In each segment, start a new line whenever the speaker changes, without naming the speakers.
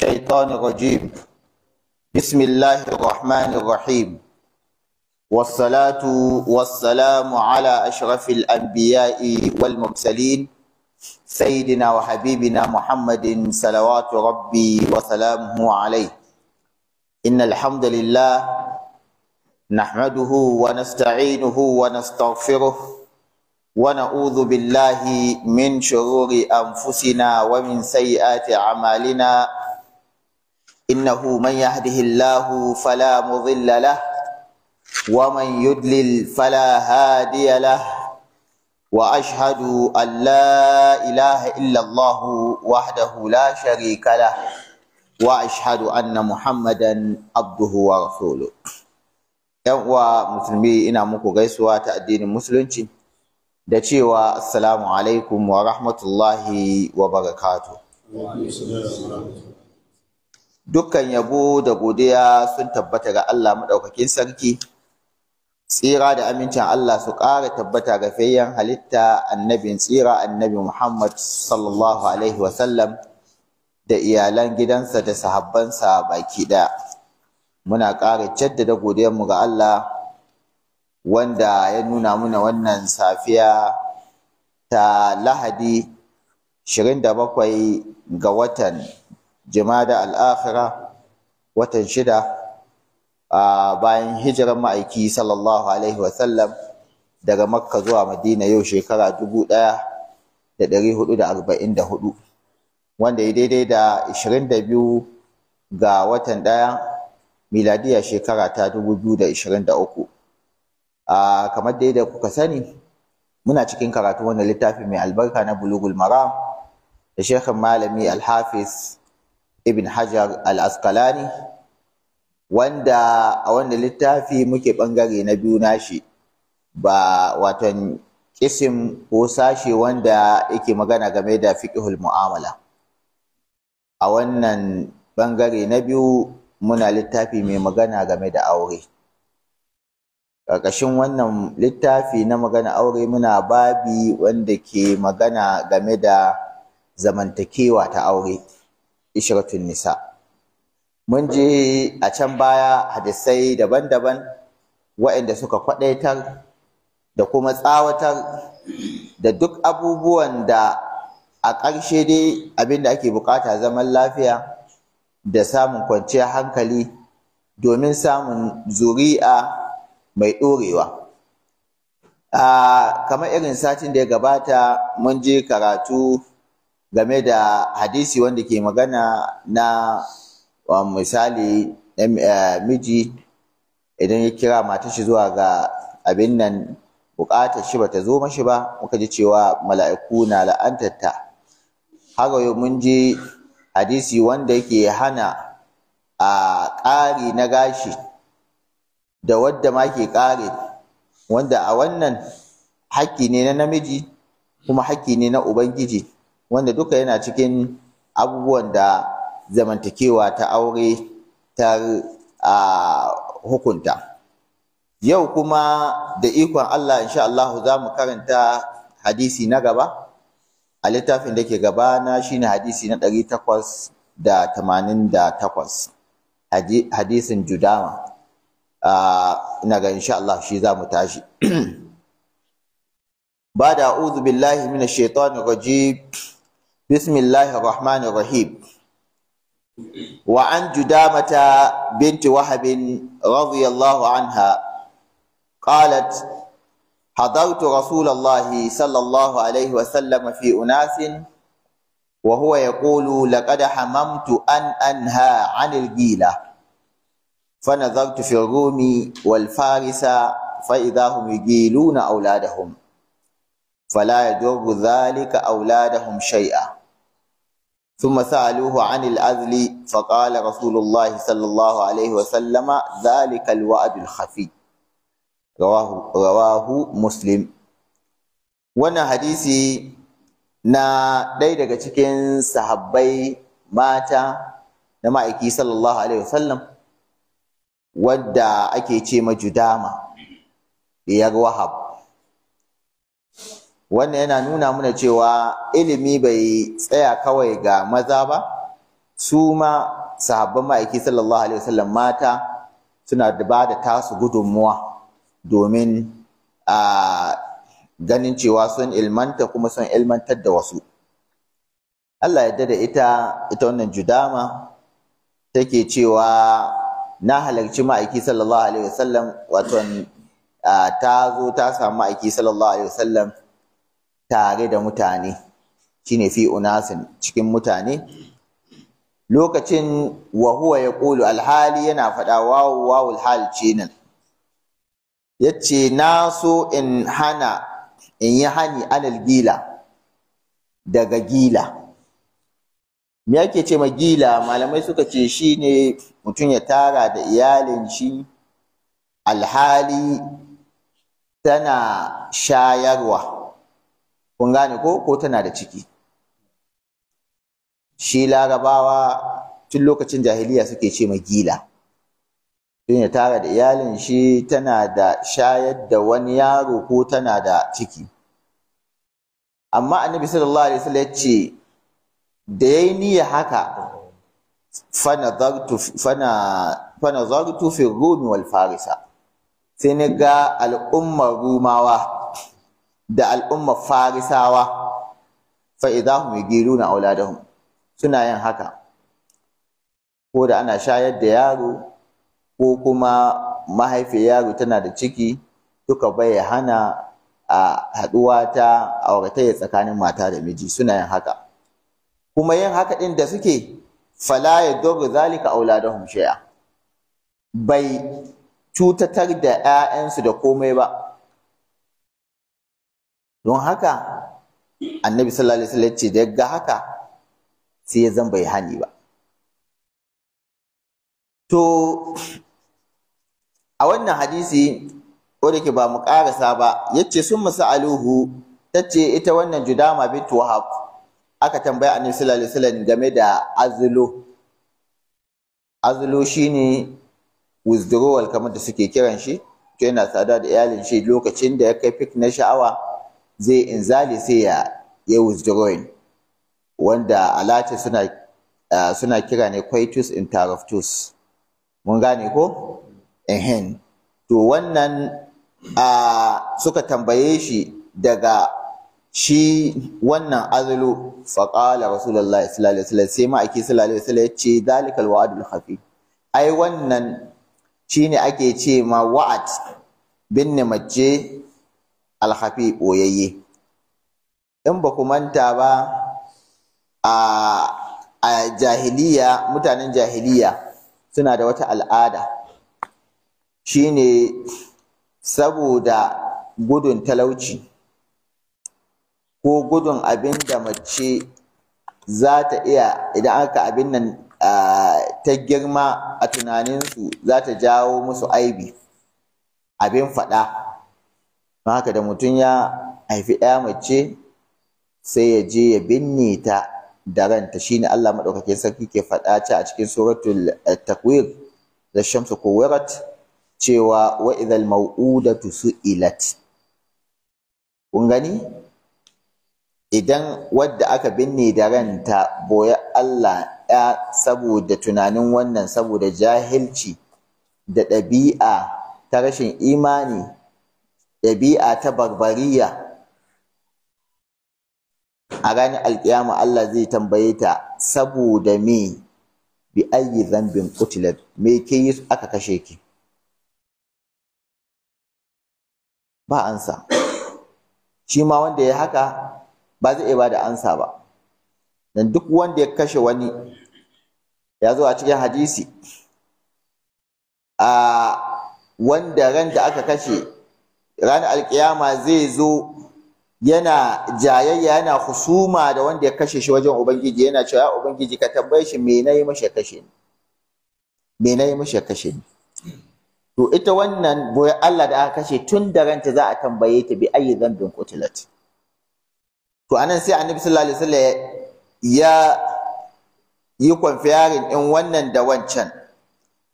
الشيطان الرجيم بسم الله الرحمن الرحيم والصلاة والسلام على أشرف الأنبياء والمرسلين سيدنا وحبيبنا محمد صلوات ربي وسلامه عليه إن الحمد لله نحمده ونستعينه ونستغفره ونعوذ بالله من شرور أنفسنا ومن سيئات أعمالنا إنه من يهده الله فلا مضل له ومن يدلل فلا هادي له وأشهد أن لا إله إلا الله وحده لا شريك له وأشهد أن محمدا عبده ورسوله uwa musulmi ina muku gaisuwa ta addinin musulunci da cewa assalamu alaikum wa rahmatullahi wa barakatuh dukkan yabo da godiya sun tabbata ga Allah maɗaukakin sarki tsira da amincin Allah su ƙara tabbata ga fayyan halitta annabin tsira annabi Muhammad sallallahu alaihi wasallam da iyalan gidansa da sahabbansa baki ɗaya muna ƙara jaddada godiyarmu ga Allah wanda ya nuna muna wannan safiya ta lahadi 27 ga watan jimada al'akhira watan shida bayan hijiran ma'aiki sallallahu alaihi wasallam daga makka zuwa madina yau shekara dubu ɗaya da ɗari hudu da arba'in da hudu wanda ya daidai da ishirin da biyu ga watan ɗaya miladiya shekara ta dubu biyu da ishirin da uku kamar dai da kuka sani muna cikin karatu wannan littafi mai albarka na bulugul maram da shekhin malami alhafiz ibn hajar al-asqalani wanda a wanda littafi muke bangare na biyu nashi ba watan kisim ko sashe wanda yake magana game da fiqhul mu'amala a wannan bangare na biyu muna littafi mai magana game da aure ƙarƙashin wannan littafi na magana aure muna babi wanda ke magana game da zamantakewa ta aure ishiratun nisa mun ji a can baya hadisai daban-daban waɗanda suka kwaɗaitar da kuma tsawatar da duk abubuwan da a ƙarshe dai abin da ake bukata zaman lafiya da samun kwanciyar hankali domin samun zuri'a mai ɗorewa ah, kamar irin satin da ya gabata mun je karatu game da hadisi wanda ke magana na misali eh, miji idan ya kira matar shi zuwa ga abin nan bukatar shi bata zo mashi ba muka ji cewa mala'iku na la'antar ta haka yau mun ji hadisi wanda yake hana a ƙari na gashi da wadda ma ke ƙari, wanda a wannan haƙƙi ne na namiji kuma haƙƙi ne na ubangiji wanda duka yana cikin abubuwan da zamantakewa ta aure ta hukunta yau kuma da ikon Allah insha Allah za mu karanta hadisi na gaba a littafin da ke gaba na shine hadisi na ɗari takwas da tamanin da takwas hadisin judama ina ga insha Allah shi za mu tashi ba da a'udhu billahi minash shaitanir rajim بسم الله الرحمن الرحيم وعن جدامة بنت وهب رضي الله عنها قالت حضرت رسول الله صلى الله عليه وسلم في أناس وهو يقول لقد حممت أن أنهى عن الجيلة فنظرت في الروم والفارس فإذا هم يجيلون أولادهم فلا يضر ذلك أولادهم شيئا ثم سألوه عن Anil فقال رسول الله صلى الله عليه وسلم ذلك الوعد الخفي رواه, رواه مسلم وانا حديثي نا داي daga cikin sahabbai mata na ma'aiki sallallahu alaihi wasallam wadda ake ce ma ya ga wahab wannan yana nuna mana cewa ilimi bai tsaya kawai ga maza ba su ma sahabban ma'aiki sallallahu alaihi wasallam mata suna da ba da tasu gudunmuwa domin a ganin cewa sun ilmanta kuma sun ilmantar da wasu Allah ya da ita ita wannan judama take cewa na halarci ma'aiki sallallahu alaihi wasallam wato ta zo ta samu ma'aiki sallallahu alaihi wasallam tare da mutane shine fi unasin cikin mutane lokacin wahuwa ya ƙulu alhali yana faɗa wawu wawul hal Ya ce na so in hana in yi hani alal gila daga gila me yake ce ma gila malamai suka ce shi ne mutum ya tara da iyalin shi alhali tana shayarwa kun gane ko ko tana da ciki shi larabawa tun lokacin jahiliya suke ce ma gila shine tara da iyalin shi tana da shayar da wani yaro ko tana da ciki amma annabi sallallahu alaihi wasallam ya ce da yayi niyya haka fanazartu fi rumi wal farisa sai ni ga al'ummar rumawa da al'umma farisawa fa idahum na auladahum suna yin haka ko da ana shayar da yaro ko kuma mahaifi yaro tana da ciki duka bai hana a haɗuwa ta auratayya tsakanin mata da miji suna yin haka kuma yin haka ɗin da suke fala ya dogo zalika auladahum shay'a bai cutatar da 'ya'yansu da komai ba don haka annabi sallallahu alaihi wasallam ce da ga haka sai ya zan bai hani ba to a wannan hadisi wanda ke ba mu karasa ba yace sun masa'aluhu tace ita wannan judama Bintu wahab aka tambaya annabi sallallahu alaihi wasallam game da azlo azlo shine withdrawal kamar da suke kiran shi to yana tsada da iyalin shi lokacin da ya kai fik na sha'awa zai in zali sai ya ya withdrawing wanda alati suna eh, suna kira ne coitus interruptus mun gane ko ehen to wannan suka tambaye shi daga shi wannan azlu faqala rasulullahi sallallahu alaihi wasallam sai ake sallallahu alaihi wasallam yace zalikal wa'adul khafi ai wannan shine ake ce ma wa'ad bin mace alhafi ɓoyayye in ba ku manta ba a jahiliya mutanen jahiliya suna da wata al'ada shine saboda gudun talauci ko gudun abin da mace za ta iya idan aka abin nan ta girma a tunaninsu za ta jawo musu aibi abin faɗa don haka da mutum ya haifi ɗaya mace sai ya je ya binne ta da ranta shine Allah maɗaukakin sarki ke faɗa ta a cikin suratul eh, takwir da shamsu kuwirat cewa wa idhal mau'udatu su'ilat kun gani idan wadda aka binne da ranta boye Allah ya saboda tunanin wannan saboda jahilci da ɗabi'a ta rashin imani ɗabi'a ta barbariya a ranar alƙiyama Allah zai tambaye ta saboda me bi ayi zambin qutilat me ke yi aka kashe ki ba ansa shi ma wanda ya haka ba zai ba da ansa ba dan duk wanda ya kashe wani ya zo a cikin hadisi a wanda ran da aka kashe ranar alkiyama zai zo yana jayayya yana husuma da wanda ya kashe shi wajen ubangiji yana cewa ubangiji ka tambaye shi me nayi mashi kashe ni me nayi mashi kashe ni to ita wannan boye Allah da aka kashe tun da ranta za a tambaye ta bi ayi zambin kutilat to anan sai annabi sallallahu alaihi wasallam ya yi kwamfiyarin in wannan da wancan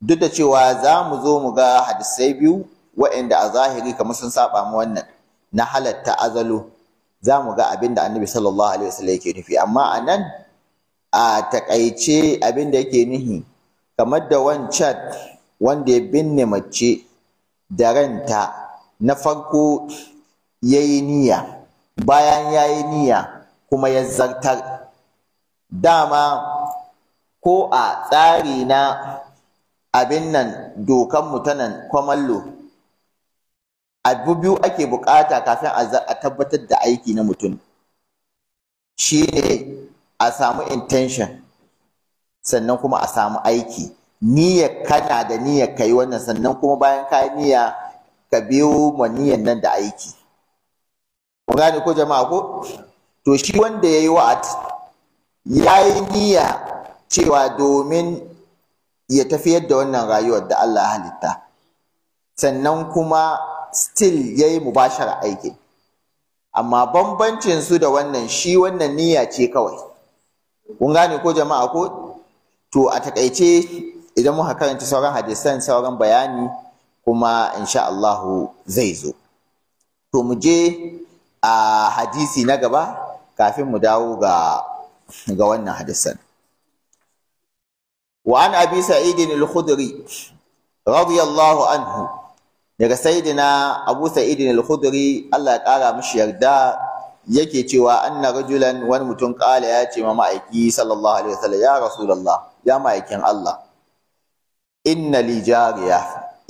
duk da cewa za mu zo mu ga hadisai biyu waɗanda a zahiri kamar sun saba mu wannan na halatta azalu. za mu ga abin da annabi sallallahu alaihi wasallam yake nufi amma a nan a takaice abin da yake nuhi kamar da wancan wanda ya binne mace da ranta na farko ya yi niyya bayan ya yi niyya kuma ya zartar dama ko a tsari na abin nan dokan mu kwamallo abu biyu ake bukata kafin a tabbatar da aiki na mutum Shi ne a samu intention sannan kuma a samu aiki niyyar kana da niyyar kai wannan sannan kuma bayan ka niyya ka biyo ma niyyar nan da aiki kun gane ko jama'a ko to shi wanda ya yi wa'ad ya yi niyya cewa domin ya tafiyar da wannan rayuwar da Allah halitta sannan kuma still ya yi mubashara aikin amma bambancin su da wannan shi wannan niyya ce kawai kun gane ko jama'a ko to a takaice idan muka karanta sauran hadisan sauran bayani kuma insha Allahu zai zo to mu je a hadisi na gaba kafin mu dawo ga ga wannan hadisan وعن أبي سعيد الخدري رضي الله عنه daga sayyidina Abu Sa'id al-Khudri Allah ya kara mishi yarda yake cewa anna rajulan wani mutum kala ya ce ma ma'aiki sallallahu alaihi wasallam ya rasulullah ya ma'aikin Allah inna li jariya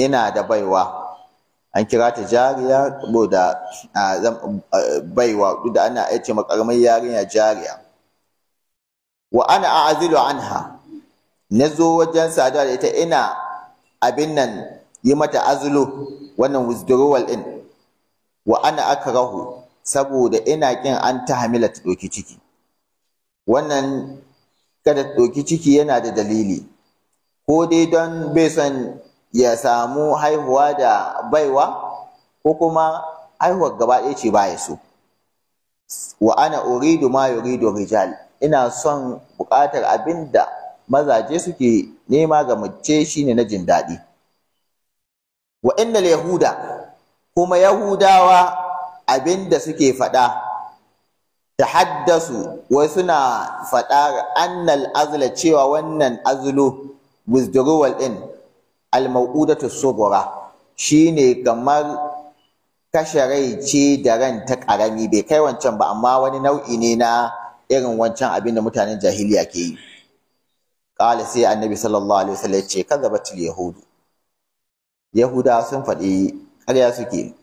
ina da baiwa an kira ta jariya saboda baiwa duk da ana ce makarmai yarinya jariya wa ana a'azilu anha na zo wajen sadar da ita ina abin nan yi mata azulo wannan withdrawal din wa ana rahu, saboda ina kin an ta hamila ta doki ciki wannan kada ta doki ciki yana da dalili ko dai don bai son ya samu haihuwa da baiwa ko kuma haihuwar gaba ɗaya ce ya so wa ana uridu ma yuridu rijal ina son buƙatar abin da mazaje suke nema ga mace shine na jin daɗi wa innal yahuda kuma yahudawa abinda suke faɗa tahaddasu wai suna faɗa annal azla cewa wannan azlu withdrawal din al maw'udatu sughra shine kamar kashe rai ce da ran ta karami bai kai wancan ba amma wani nau'i ne na irin wancan abinda mutanen jahiliya ke yi qala sai annabi sallallahu alaihi wasallam ya ce kadzabatul yahudu Yahuda sun faɗi ƙarya suke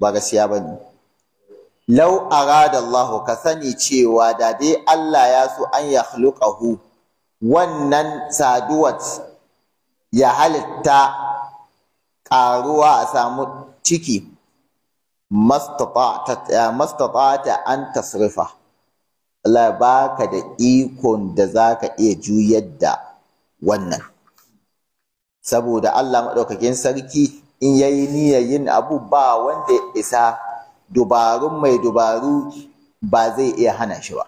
ba gaskiya ba ne. Lau arada Allah ka sani cewa da dai Allah ya so an ya hu wannan saduwat ya halitta ƙaruwa a samu ciki mastata'ata eh, an tasrifa Allah ka da ikon da za ka iya juyar da wannan saboda Allah maɗaukakin sarki in ya yi niyyar yin abu ba wanda ya isa dubarun mai dubaru ba zai iya hana shi ba.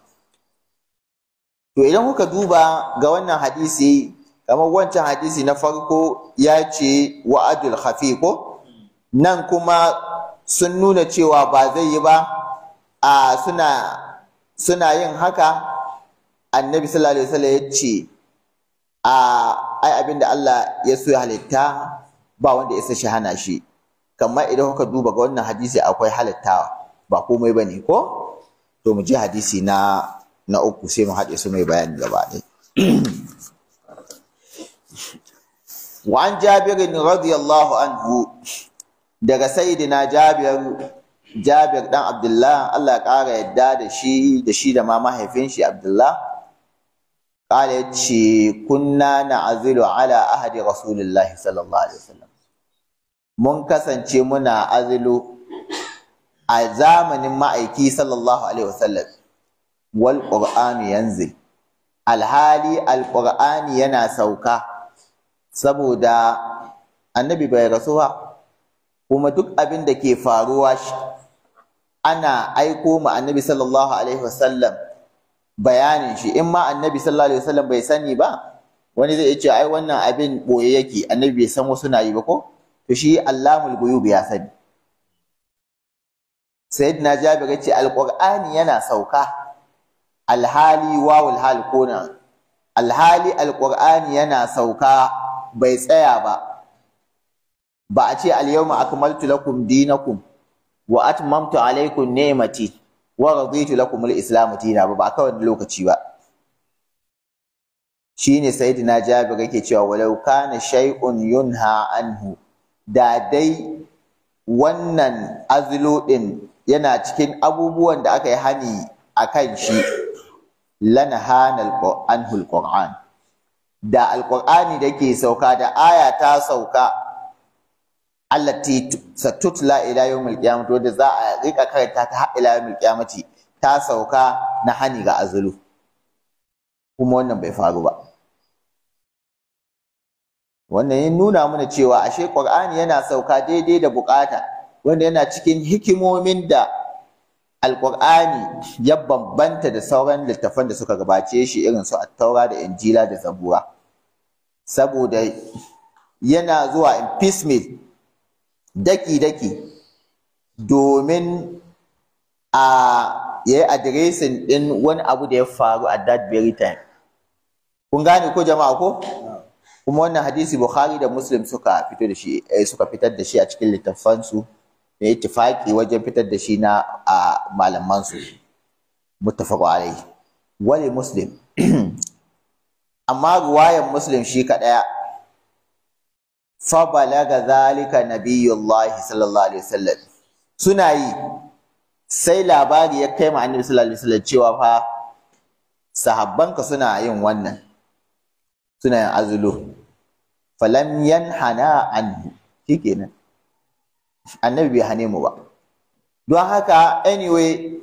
To idan kuka duba ga wannan hadisi kamar wancan hadisi na farko ya ce wa'adul hafi ko nan kuma sun nuna cewa ba zai yi ba a suna yin haka annabi sallallahu alaihi wasallam ya ce a ai abin da Allah ya so ya halitta ba wanda ya shi hana shi Kamma idan kuka duba ga wannan hadisi akwai halitta ba komai ba ne ko to mu ji hadisi na na uku sai mu haɗe su mai bayani gaba ɗaya وعن جابر رضي الله عنه daga sayyidina Jabir Jabir dan Abdullah Allah ya ƙara yadda da shi da shi da ma mahaifin shi Abdullah qala yace kunna na'zilu ala ahadi rasulillahi sallallahu alaihi wasallam mun kasance muna azilu a zamanin ma'aiki sallallahu alaihi wal qur'anu yanzil alhali alqur'ani yana sauka saboda annabi bai rasuwa kuma duk abin da ke faruwa ana aiko ma annabi sallallahu alaihi wasallam bayanin shi in ma annabi sallallahu alaihi wasallam bai sani ba wani zai ce ai wannan abin boye yake annabi bai san wasu na yi ba ko to shi allamul guyub ya sani sayyidina jabir ya ce alqur'ani yana sauka alhali wawul hal kuna alhali alqur'ani yana sauka bai tsaya ba ba a ce al yawma akmaltu lakum dinakum wa atmamtu alaykum ni'mati wa raditu lakum al-islam dina ba ba kawai lokaci ba shine sayyidina jabir yake cewa walau kana shay'un yunha anhu da dai wannan azlo din yana cikin abubuwan da aka yi hani akan shi hanal anhu al da alqur'ani da ke sauka da aya ta sauka allati satutla ila yawmil qiyamati wadda za a rika karanta ta har ila yawmil qiyamati ta sauka na hani ga azulu kuma wannan bai faru ba wannan ya nuna mana cewa ashe qur'ani yana sauka daidai da bukata wanda yana cikin hikimomin da alqur'ani ya bambanta da sauran littafan da suka gabace shi irin su at-taura da injila da zabura saboda yana zuwa in piecemeal daki-daki domin a ya yi adiresin ɗin wani abu da ya faru a that very time. Kun gane ko jama'a ko? Kuma wannan hadisi Bukhari da Muslim suka fito da shi eh, suka fitar da shi a cikin littafansu da ittifaqi wajen fitar da shi na a malamansu, su alai. Wale Muslim amma ruwayan Muslim shi kaɗaya. fa ga zalika nabiyullahi sallallahu alaihi wasallam suna yi sai labari ya kai ma annabi sallallahu alaihi wasallam cewa fa sahabbanka suna yin wannan suna yin azulu falam yanhana anhu shikenan annabi bai hane mu ba don haka anyway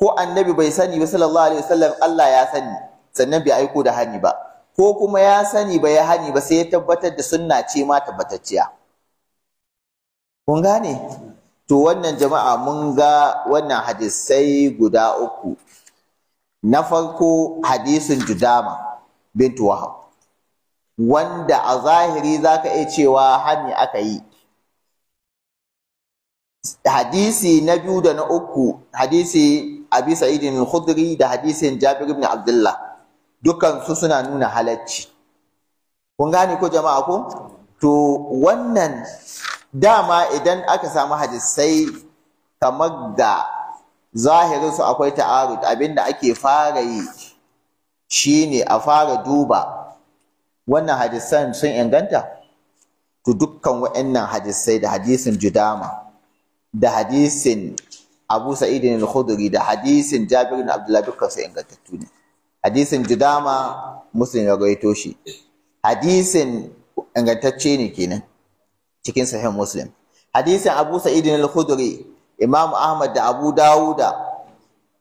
ko annabi bai sani ba sallallahu alaihi wasallam Allah ya sani sannan bai aiko da hani ba ko kuma ya sani ba ya hani ba sai ya tabbatar da sunna ce ma tabbatacciya kun gane to wannan jama'a mun ga wannan hadisai guda uku na farko hadisin judama bintu wahab wanda a zahiri za ka iya cewa hani aka yi hadisi na biyu da na uku hadisi abi sa'idin khudri da hadisin jabir ibn abdullah dukkan suna nuna halacci kun gane ko jama'a ko to wannan dama idan aka samu hadisai kamar da zahirin su akwai ta'arud abinda ake fara yi shine a fara duba wannan hadisan sun inganta to dukkan wa'annan hadisai da hadisin judama da hadisin abu sa'idin al-khudri da hadisin jabir bin Abdullahi, dukkan su ingantattu ne hadisin judama muslim ya gaito shi hadisin ingantacce ne kenan cikin sahih muslim hadisin abu sa'id al-khudri imam ahmad da abu dawuda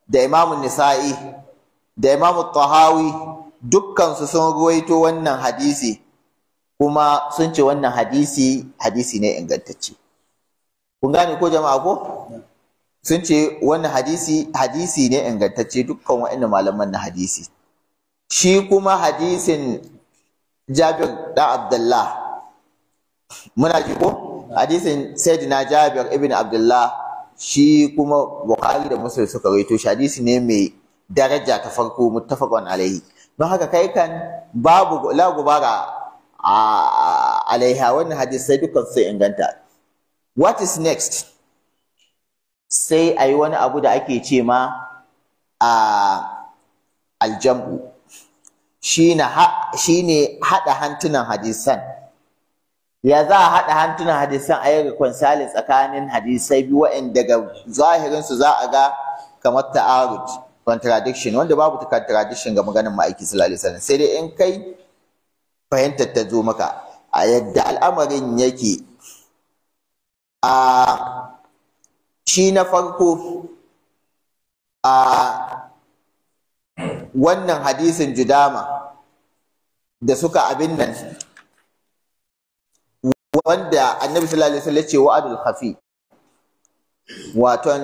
da imam nisa'i da imam tahawi dukkan su sun ruwaito wannan hadisi kuma sun ce wannan hadisi hadisi ne ingantacce kun gane ko jama'a ko sun ce wani hadisi hadisi ne ingantacce dukkan wa'annan malaman na hadisi shi kuma hadisin Jabir da Abdullah muna ji ko hadisin Sayyidina Jabir ibn Abdullah shi kuma Bukhari da Muslim suka rawaito shi hadisi ne mai daraja ta farko muttafaqun alaihi don haka kai kan babu la gubara alaiha wannan hadisi sai dukkan sai inganta what is next sai a yi wani abu da ake ce ma a aljambu shi ne haɗa hantunan hadisan ya za a haɗa hantunan hadisan a yi reconciling tsakanin hadisai biyu wa'in daga zahirinsu za a ga kamar ta'arud contradiction wanda babu ta contradiction ga maganin ma'aiki sallallahu alaihi sai dai in kai fahimtar ta zo maka a yadda al'amarin yake a shi na farko a wannan hadisin judama da suka abin nan wanda annabi sallallahu alaihi wasallam ce wa'adul khafi waton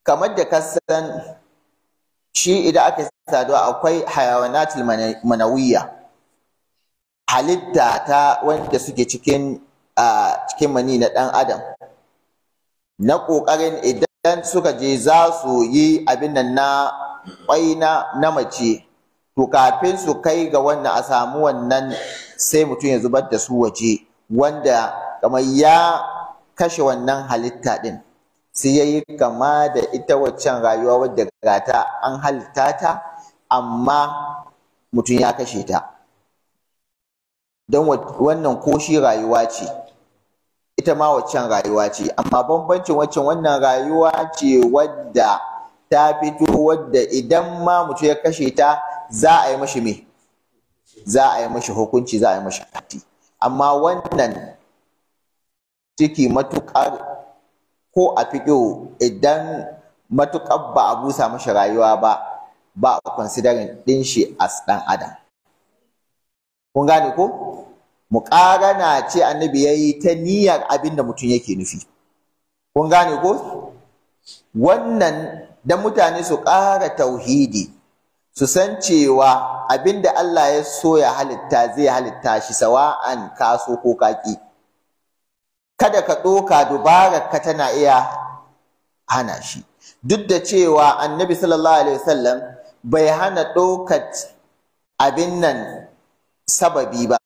kamar da kasan shi idan aka saduwa akwai hayawanatul manawiyya halitta ta wanda suke cikin cikin mani na dan adam na ƙoƙarin idan suka je za su yi abin nan na ƙwaina na mace to kafin su kai ga wannan a samu wannan sai mutum ya zubar da su waje wanda kamar ya kashe wannan halitta ɗin sai ya yi kama da ita waccan rayuwa wadda gata an halitta ta amma mutum ya kashe ta don wannan koshi rayuwa ce ita ma waccan rayuwa ce amma bambancin waccan wannan rayuwa ce wadda ta fito wadda idan ma mutum ya kashe ta za a yi mashi me za a yi mashi hukunci za a yi mashi kati amma wannan ciki matuƙar ko a fito idan matuƙar ba a busa mashi rayuwa ba ba a considering ɗin shi as ɗan adam kun gane ko muƙarana ce annabi ya yi ta niyyar abin da mutum yake nufi kun gane ko wannan da mutane su ƙara tauhidi su san cewa abin da Allah ya so ya halitta zai halitta shi sawa'an kaso ko kaki kada ka ɗoka dubarar ka tana iya hana shi duk da cewa annabi sallallahu alaihi wasallam bai hana ɗokar abin nan sababi ba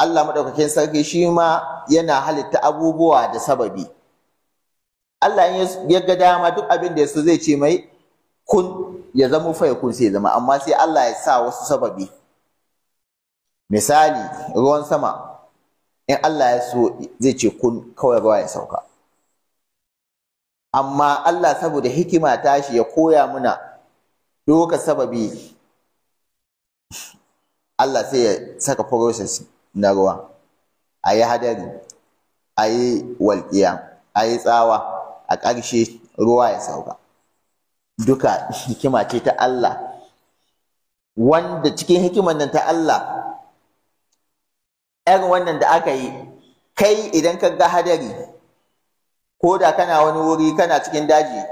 Allah maɗaukakin sarki shi ma yana halitta abubuwa da sababi. Allah in ya ga dama duk abin da so zai ce mai kun ya zama fa kun sai zama amma sai Allah ya sa wasu sababi. Misali ruwan sama in Allah ya so zai ce kun kawai ruwa ya sauka. Amma Allah saboda hikima tashi ya koya muna doka sababi Allah sai ya saka process na ruwa a yi hadari a yi walƙiya a yi tsawa a ƙarshe ruwa ya sauka duka hikima ce ta Allah wanda cikin hikimar nan ta Allah irin wannan da aka yi kai idan ka ga hadari ko da kana wani wuri kana cikin daji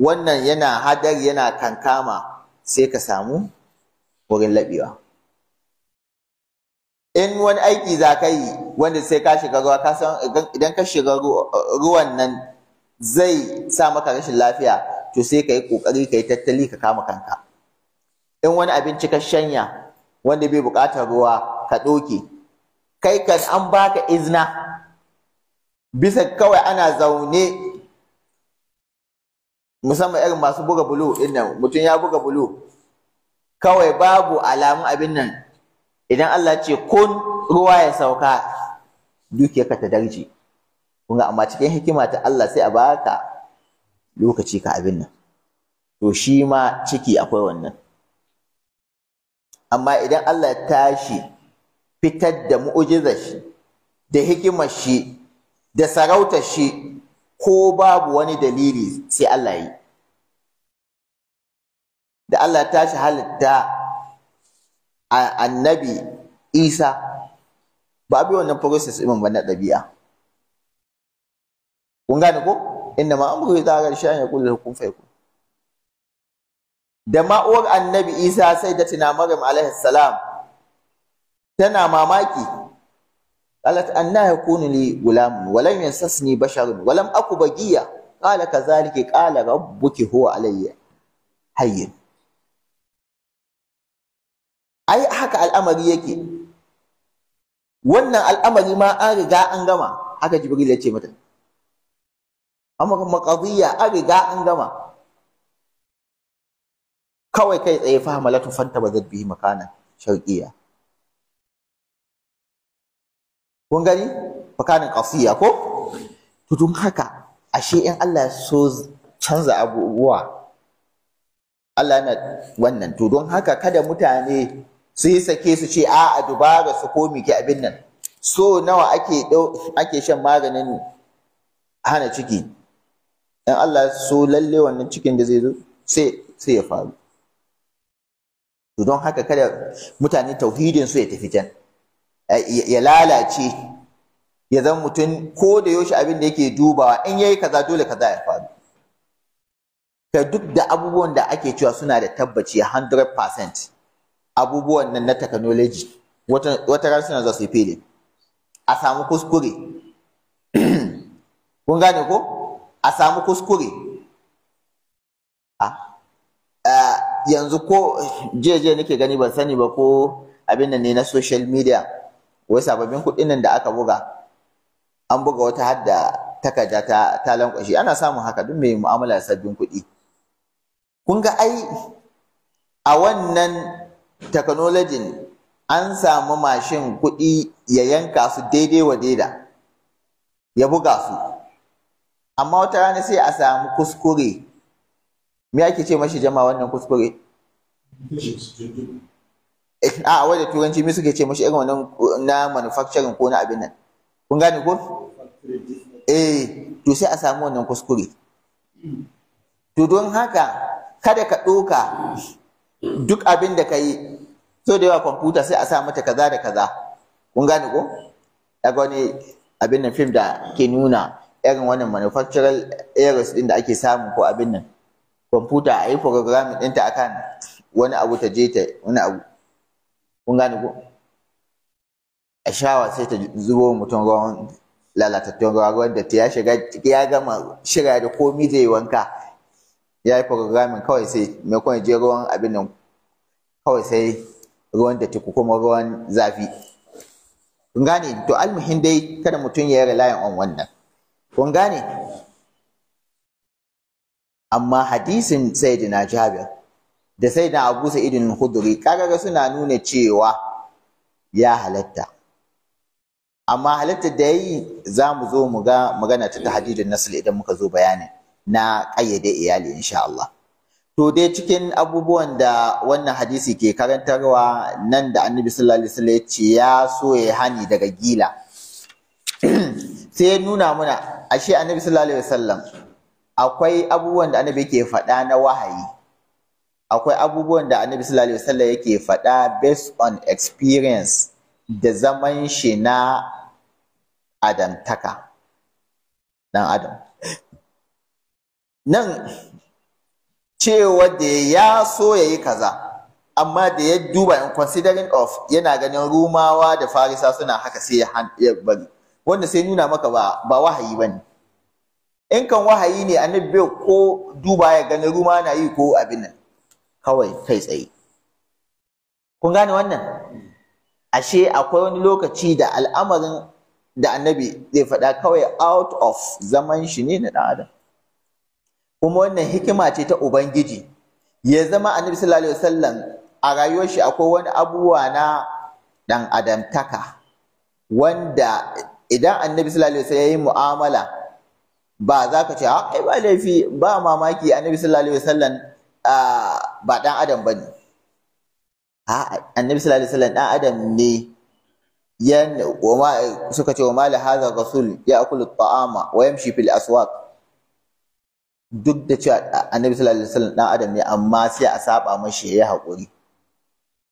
wannan yana hadari yana kankama sai ka samu wurin laɓewa in wani aiki za ka yi wanda sai ka shiga ruwa ka san idan ka shiga ruwan nan zai sa maka rashin lafiya to sai ka yi ƙoƙari ka yi tattali ka kama kanka in wani abinci ka shanya wanda bai bukatar ruwa ka ɗoke kai kan an baka izna bisa kawai ana zaune musamman irin masu buga bulu ɗin mutum ya buga bulu kawai babu alamun abin nan idan Allah ce kun ruwa ya sauka dukiyarka ta darje kun amma cikin hikima ta Allah sai a baka lokaci ka abin nan to shi ma ciki akwai wannan amma idan Allah ya tashi fitar da mu'ujizar shi da hikimar shi da sarautar shi ko babu wani dalili sai Allah yi da Allah ya tashi halitta annabi isa ba a bi wannan process ɗin ba na ɗabi'a kun gane ko inda ma amru ta ga shay'an yaqulu lahu kun fayakun da ma uwar annabi isa sai da tina maryam alaihi salam tana mamaki qalat anna yakunu li gulam wa lam yansasni basharun wa lam aku bagiya qala kadhalika qala rabbuki huwa alayya hayyin ai haka al'amari yake wannan al'amari ma an riga an gama haka jibril ya ce mata amma maqadiyya an riga an gama kawai kai tsaye fa hamalatu fanta bazat bihi makana sharqiyya kun gani makana qasiya ko to don haka ashe in Allah so canza abubuwa Allah yana wannan to don haka kada mutane su yi sake su ce a a dubara su ko ke abin nan so nawa ake ake shan maganin hana ciki dan Allah so lalle wannan cikin da zai zo sai ya faru to don haka kada mutane tauhidin su ya tafi can ya lalace ya zan mutum ko da yaushe abin da yake dubawa in yayi kaza dole kaza ya faru ka duk da abubuwan da ake cewa suna da tabbaci 100% abubuwan nan na technology wata harsuna za su yi fili a samu kuskure kun gane ko a samu kuskure ah, ah, yanzu ko jiya nake gani ban sani ba ko abin da ne na social media wai sababbin kuɗin nan da aka buga an buga wata hadda takarda ta ta lankwashi ana samun haka duk mai mu'amala sabbin kuɗi kun ga ai a wannan technology an samu mashin kuɗi ya yanka su daidai wa daida ya buga su amma wata rana sai a samu kuskure me ake ce mashi jama wannan kuskure eh, a wadda turanci me suke ce mashi irin wannan na manufacturing ko na abin nan kun gane ko eh to sai a samu wannan kuskure to don haka kada ka ɗoka duk abin da ka yi so da yawa kwamfuta sai a sa mata kaza da kaza kun gane ko daga wani abin nan fim da ke nuna irin wannan manufacturer errors din da ake samu ko abin nan kwamfuta a yi programming ɗinta akan wani abu ta je ta wani abu kun gane ko a shawa sai ta zubo mutum ruwan lalatattun ruwa ruwan da ta ya shiga ya gama shirya da komi zai wanka ya yi programming kawai sai maimakon je ruwan abin nan kawai sai ruwan da tuku kuma ruwan zafi kun gane to almuhin dai kada mutum ya yi relying on wannan kun gane amma hadisin sayyidina jabir da sayyidina abu sa'idin huduri kagaga suna nuna cewa ya halatta amma halatta da yayi za mu zo mu ga magana ta hadidin nasl idan muka zo bayanin na ƙayyade iyali insha Allah. To dai cikin abubuwan da wannan hadisi ke karantarwa nan da annabi sallallahu alaihi wasallam ya ce ya so ya hani daga gila. Sai ya nuna muna ashe annabi sallallahu alaihi wasallam akwai abubuwan da annabi ke faɗa na wahayi. Akwai abubuwan da annabi sallallahu alaihi wasallam yake faɗa based on experience da zaman shi na adamtaka. Dan Adam. nan cewa da ya so ya yi kaza amma da ya duba in considering of yana ganin rumawa da farisa suna haka sai ya bari wanda sai nuna maka ba ba wahayi bane in kan wahayi ne annabi bai ko duba ya gani ruma na yi ko abin nan kawai kai tsaye kun gane wannan ashe akwai wani lokaci da al'amarin da annabi zai faɗa kawai out of zaman shi ne na ɗan adam kuma wannan hikima ce ta ubangiji ya zama annabi sallallahu alaihi wasallam a rayuwar shi akwai wani abubuwa na ɗan adamtaka wanda idan annabi sallallahu alaihi wasallam ya yi mu'amala ba za ka ce ah, ai ba laifi ba mamaki annabi sallallahu alaihi wasallam ba dan adam bane a annabi sallallahu alaihi wasallam dan adam ne yan suka ce wa mali hadha rasul ya akulu ta'ama wa yamshi fil aswaq duk da cewa annabi sallallahu alaihi wasallam dan adam ne amma sai a saba mashi yayi hakuri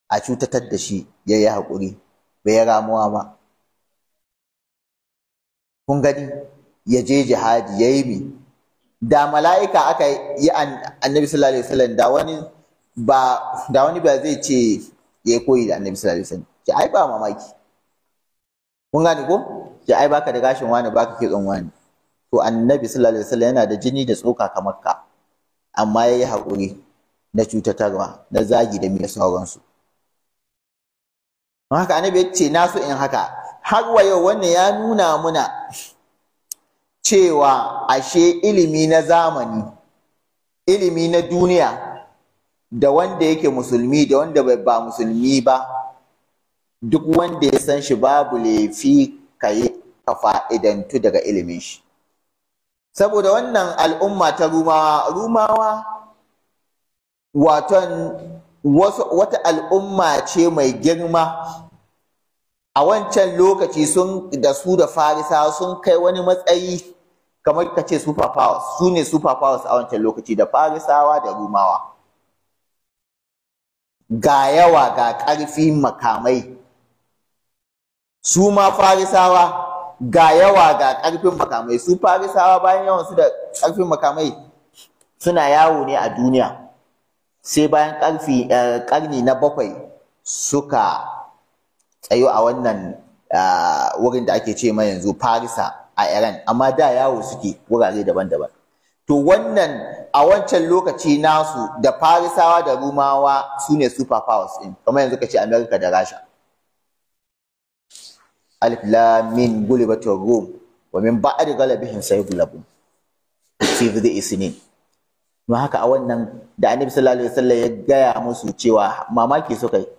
a cutatar da shi yayi hakuri bai ramuwa ba kun gani ya je jihadi yayi mi da mala'ika aka yi annabi sallallahu alaihi wasallam da wani ba da wani ba zai ce yayi koyi da annabi sallallahu alaihi wasallam ki ai ba mamaki kun gane ko ki ai baka da gashin wani baka kitson wani to annabi sallallahu alaihi wasallam yana da jini da tsoka kamar ka amma yayi hakuri na cutatarwa na zagi da mai sauransu don haka annabi ya ce na so in haka har wa yau wannan ya nuna muna cewa ashe ilimi na zamani ilimi na duniya da wanda yake musulmi da wanda bai ba musulmi ba duk wanda ya san shi babu laifi ka yi ka fa'idantu daga ilimin shi saboda wannan al'umma ta rumawa rumawa waton wata al'umma ce mai girma a wancan lokaci sun da su da farisa sun kai wani matsayi kamar ka ce superpowers su ne superpowers a wancan lokaci da farisawa da rumawa ga yawa ga ƙarfi makamai su ma farisawa ga yawa ga ƙarfin makamai su farisawa bayan yawan su da ƙarfin makamai suna yawo ne a duniya sai bayan eh, ƙarni na bakwai suka tsayo a wannan ah, wurin da ake ce mai yanzu farisa a iran amma da yawo suke wurare daban-daban to wannan a wancan lokaci nasu da farisawa da rumawa su ne super powers ɗin kamar yanzu ka ce america da rasha alif lam min gulibatir rum wa min ba'di ghalabihim sayughlabun fi dhil isnin ma haka a wannan da annabi sallallahu alaihi wasallam ya gaya musu cewa mamaki suka yi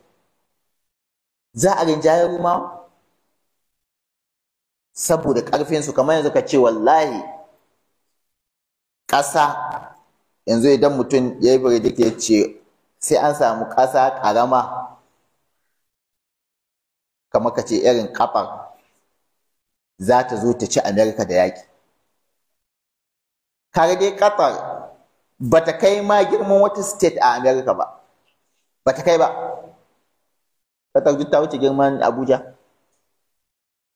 za a rinjaye ruma saboda ƙarfinsu kamar yanzu ka ce wallahi ƙasa yanzu idan mutum ya yi ya ce sai an samu ƙasa ƙarama kamar ka ce irin kafar za ta zo ta ci Amerika da yaƙi. Kare dai Qatar ba ta kai ma girman wata state a Amerika ba, ba ta kai ba. Ƙafar duk ta wuce girman Abuja,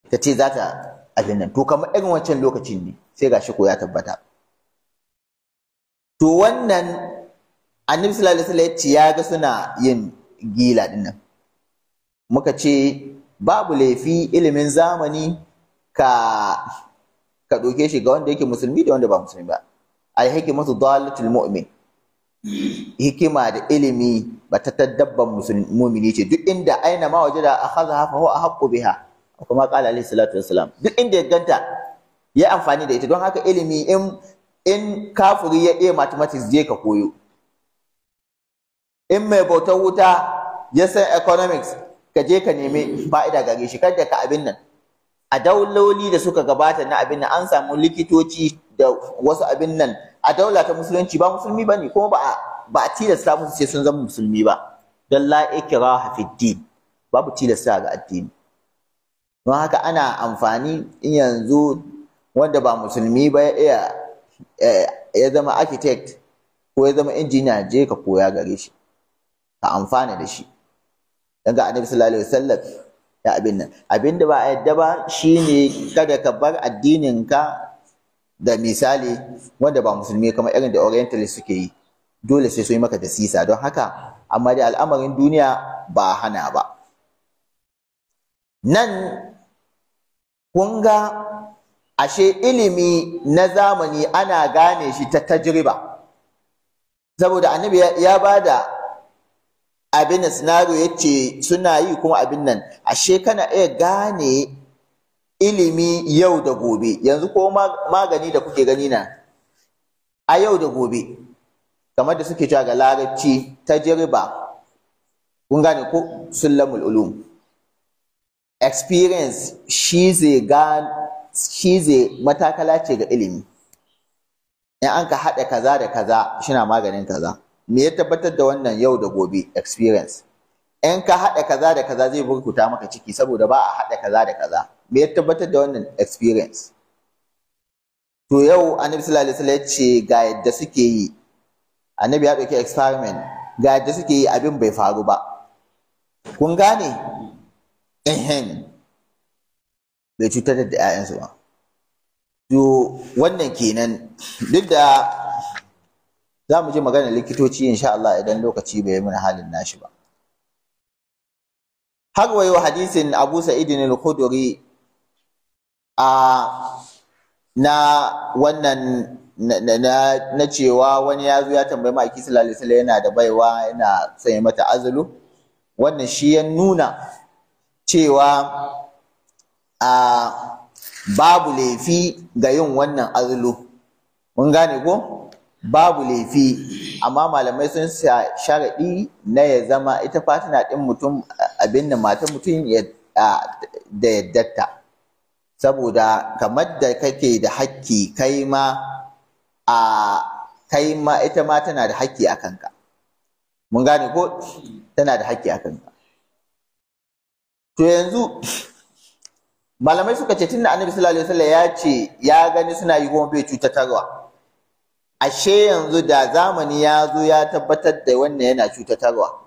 ta ce za ta abin nan. To kamar irin wancan lokacin ne sai ga shi ko ya tabbata. To wannan annabi sallallahu alaihi wasallam ya ya ga suna yin gila dinnan. Muka ce babu laifi ilimin zamani ka ka ɗauke shi ga wanda yake musulmi da wanda ba musulmi ba alhikimatu dalatul mu'min hikima da ilimi ba ta tadabban mu'mini ce duk inda aina ma wajada akhadha fa huwa ahqqu biha kuma qala alayhi salatu wassalam duk inda ya ganta ya amfani da ita don haka ilimi in in kafiri ya iya mathematics je ka koyo in mai bautar wuta ya san economics ka je ka nemi fa'ida gare shi kada ka abin nan a dauloli da suka gabata na abin nan an samu likitoci da wasu abin nan a daula ta musulunci ba musulmi ba ne kuma ba a tilasta musu sai sun zama musulmi ba don la ikraha babu tilasta ga addini don haka ana amfani in yanzu wanda ba musulmi ba ya iya ya zama architect ko ya zama injiniya je ka koya gare shi ka amfana da shi dan ga annabi sallallahu alaihi wasallam ya abin nan abin da ba a yadda ba shine kada ka bar addinin ka da misali wanda ba musulmi kama irin da orientalist suke yi dole sai su yi maka tasisa. don haka amma da al'amarin duniya ba hana ba nan kunga ashe ilimi na zamani ana gane shi ta tajriba saboda annabi ya ba da abin da sinaro ya ce suna yi kuma abin nan ashe kana iya gane ilimi yau da gobe yanzu ko magani da kuke gani na a yau da gobe kamar da suke cewa ga larabci ta jiriba kun gane ko sullamul ulum experience shi zai ga shi zai matakala ce ga ilimi in an ka haɗa kaza da kaza shina maganin kaza me ya tabbatar da wannan yau da gobe experience in ka haɗa kaza da kaza zai burkuta maka ciki saboda ba a haɗa kaza da kaza me ya tabbatar da wannan experience to yau annabi sallallahu alaihi wasallam ya ce ga yadda suke yi annabi ya ɗauki experiment ga yadda suke yi abin bai faru ba kun gane ehen bai cutar da 'ya'yansu ba to wannan kenan duk da za mu je magana likitoci insha Allah idan lokaci bai yi mana halin nashi ba har wayo hadisin Abu Sa'id al-Khudri a na wannan na cewa wani ya zo ya tambayi aiki sallallahu alaihi yana da baiwa yana sanya mata azulu wannan shi ya nuna cewa a babu laifi ga yin wannan azulu mun gane ko babu laifi amma malamai sun sa sharaɗi na ya zama ita fatina ɗin mutum abin da matan mutum da yaddatta saboda kamar da kake da hakki kai ma a kai ma ita ma tana da hakki a kanka mun gane ko tana da hakki a kanka to yanzu malamai suka ce tunda annabi sallallahu alaihi wasallam ya ce ya gani suna yi kuma bai tarwa. ashe yanzu da zamani ya zo ya tabbatar da wannan yana cutatarwa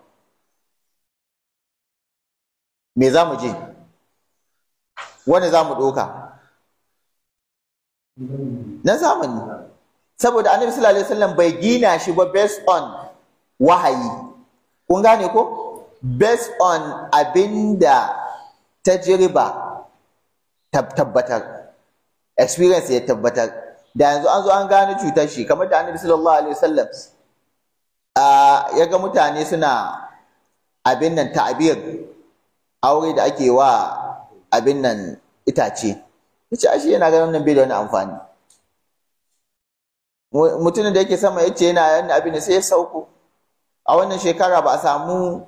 me za mu je wani za mu ɗoka? na zamani saboda annabi sallallahu alaihi wasallam bai gina shi ba based on wahayi kun gane ko based on abinda tajriba tabbatar experience ya tabbatar da yanzu an zo an gane cutar shi kamar da annabi sallallahu alaihi wasallam ya ga mutane suna abin nan ta'abir aure da ake wa abin nan itace yace ashe yana ganin wannan bai da wani amfani mutumin da yake sama yace yana yan abin sai ya sauko a wannan shekara ba a samu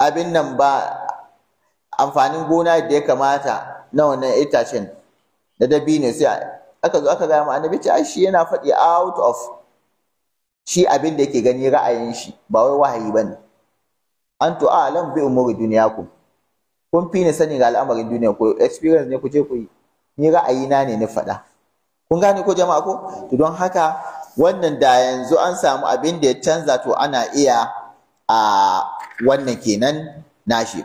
abin nan ba amfanin gona da ya kamata na wannan itacen da ne sai aka zo aka gaya ma annabi ce shi yana faɗi out of shi abin da yake gani ra'ayin shi ba wai wahayi bane a lam bi umuri duniyakum kun fi ni sani ga al'amarin duniya ko experience ne ku je ku yi ni ra'ayina ne na faɗa kun gane ko jama'a ko to don haka wannan da yanzu an samu abin da ya canza to ana iya a wannan kenan nashi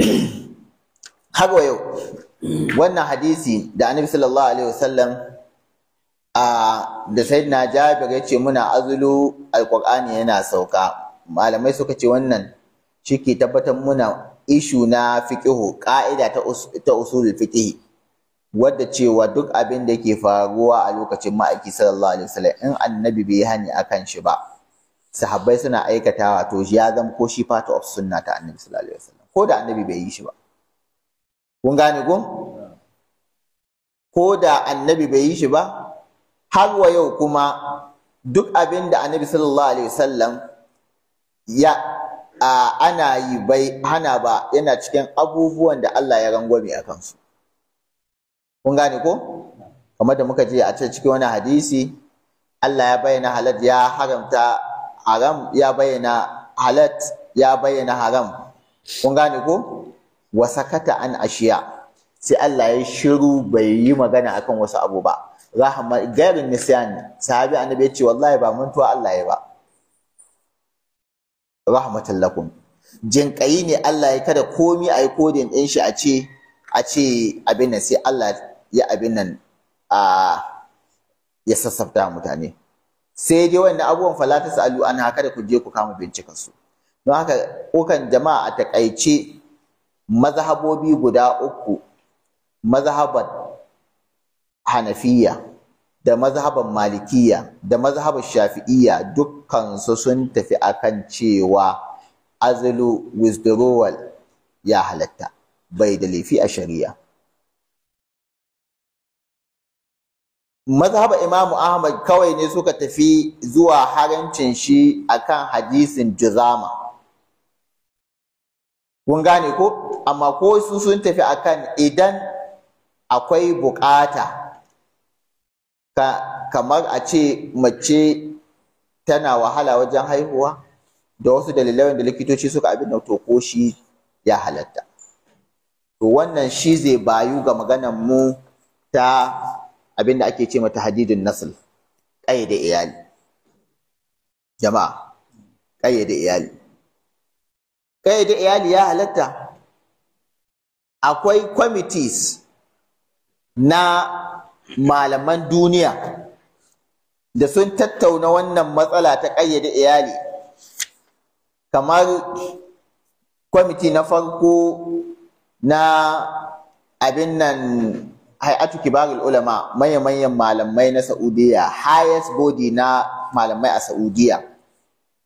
har wa yau wannan hadisi da annabi sallallahu alaihi wasallam a da sayyidina jabir ya ce muna azulu alqur'ani yana sauka malamai suka ce wannan shike tabbatar muna ishu na fiqihu ka'ida ta ta usulul fiqh wadda cewa duk abin da yake faruwa a lokacin ma'aiki sallallahu alaihi wasallam in annabi bai hani akan shi ba sahabbai suna aikatawa to ya zama ko shi part of sunna ta annabi sallallahu alaihi wasallam ko da annabi bai yi shi ba kun gane ko ko da annabi bai yi shi ba har wa yau kuma duk abin da annabi sallallahu alaihi wasallam ya ana yi bai hana ba yana cikin abubuwan da Allah ya rangwame a kansu kun gane ko kamar da muka je a cikin wani hadisi Allah ya bayyana halal ya haramta haram ya bayyana halal ya bayyana haram kun gane ko wasakata an ashiya sai Allah ya shiru bai yi magana akan wasu abu ba rahama gairin nisyan sahabi annabi ya ce wallahi ba mantuwa Allah ya ba rahmatan lakum jinƙayi ne Allah ya kada komi a yi kodin ɗin shi a ce a ce abin nan sai Allah ya abin nan ya sassafta mutane sai dai wanda abubuwan fala ta sa'alu an haka da ku je ku kama bincikan su don haka ukan jama'a a takaice mazhabobi guda uku mazhaban hanafiya da mazhaban malikiya da mazhaban shafi'iya dukkansu sun tafi akan cewa azulu withdrawal ya halatta bai da laifi a shari'a Mazhabar imamu ahmad kawai ne suka tafi zuwa harancin shi akan hadisin juzama kun gane ko amma ko su sun tafi akan idan akwai bukata ka kamar a ce mace tana wahala wajen haihuwa da wasu dalilai da likitoci suka abin da to ko shi ya halatta to wannan shi zai bayu ga maganan mu ta abin da ake ce mata hadidin nasl ƙayyade iyali jama'a ƙayyade iyali da iyali ya halatta akwai committees na malaman duniya da sun tattauna wannan matsala ta kayyade iyali kamar kwamiti na farko na abin nan hay'atu kibarul ulama manya-manyan malamai na saudiya highest body na malamai a saudiya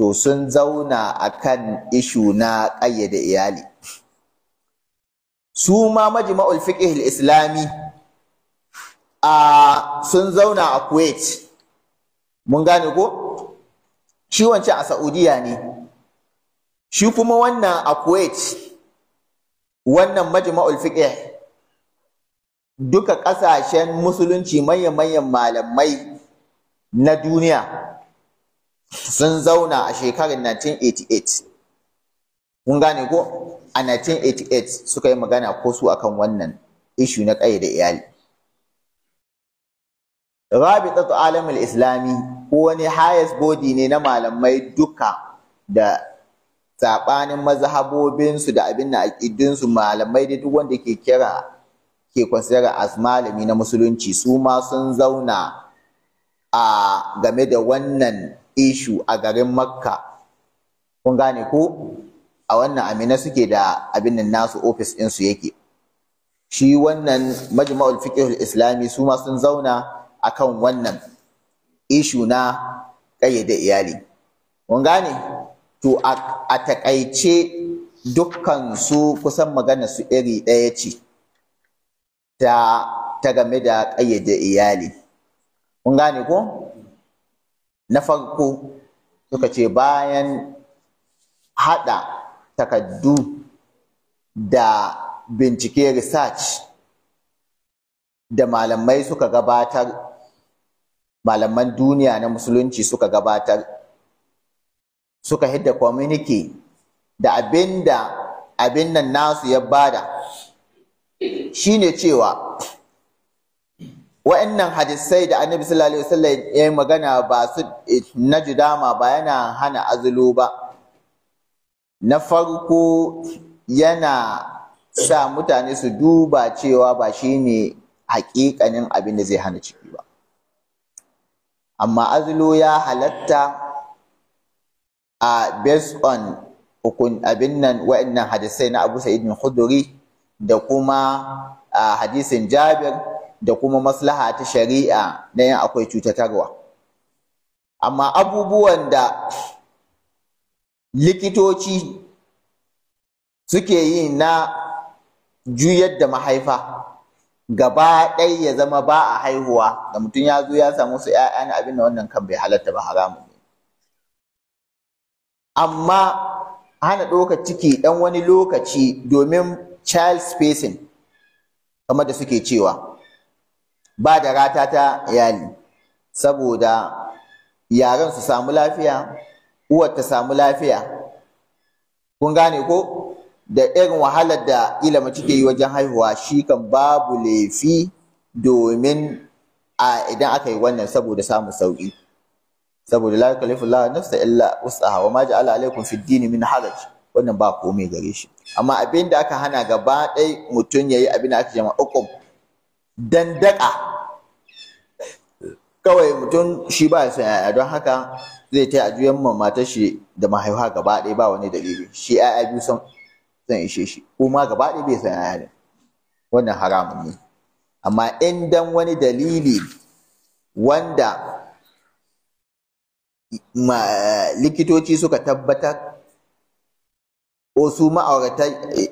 to sun zauna a kan ishu na ƙayyade iyali su ma majima'ul fiqh islami a sun zauna a Kuwait mun gane ko shi wancan a Saudiya ne shi kuma wannan a Kuwait wannan majima'ul fiqh duka ƙasashen musulunci manyan-manyan malamai na duniya sun zauna a shekarar 1988 kun gane ko a 1988 suka yi magana ko su akan wannan ishu na ƙayyade iyali rabitatu alamul islami ko wani highest body ne na malamai duka da saɓanin mazhabobinsu da abin na su malamai da duk wanda ke kira ke as malami na musulunci su ma sun zauna a game da wannan ishu a garin makka kun gane ko a wannan amina suke da abin nan nasu ofis ɗinsu yake shi wannan majma'ul fiqhul islami su ma sun zauna akan wannan ishu na ƙayyade iyali kun gane to a takaice dukkan su kusan magana su iri ɗaya ce ta ta game da ƙayyade iyali kun gane ko na farko suka ce bayan haɗa takaddu da bincike research da malamai suka gabatar malaman duniya na musulunci suka gabatar suka hidda communique da abin da abin nan nasu ya bada shine cewa wa'annan hadisai da annabi sallallahu alaihi wasallam ya magana ba su na judama ba yana hana azulu ba na farko yana sa mutane su duba cewa ba shi ne hakikanin abin da zai hana ciki ba amma azulu ya halatta a based on hukun abin nan wa'annan hadisai na Abu Sa'id al-Khudri da kuma hadisin Jabir da kuma maslaha ta shari'a na yin akwai cutatarwa amma abubuwan da likitoci suke yi na juyar da mahaifa gaba ɗaya ya zama ba a haihuwa da mutum ya zo ya samu su ‘ya'ya na abin da wannan kan bai halatta ba haramu ne amma hana ɗaukar ciki ɗan wani lokaci domin child spacing kamar da suke cewa ba da rata ta iyali saboda yaran su samu lafiya uwar ta samu lafiya kun gane ko da irin wahalar da ilama cike yi wajen haihuwa shi kan babu laifi domin a idan aka yi wannan saboda samun sauki saboda la yukallifu Allah nafsa illa wus'aha wa ma ja'ala alaikum fid dini min haraj wannan ba komai gare shi amma abin da aka hana gaba ɗaya mutum yayi abin da aka jama'a ukum dandaka kawai mutum shi ba ya son yaya don haka zai ta ajuyan ma shi da mahaifa gaba ɗaya ba wani dalili shi yaya biyu son son ishe shi kuma gaba ɗaya bai son yaya ne wannan haramun ne amma in dan wani dalili wanda ma, likitoci suka tabbatar ko su ma'aurata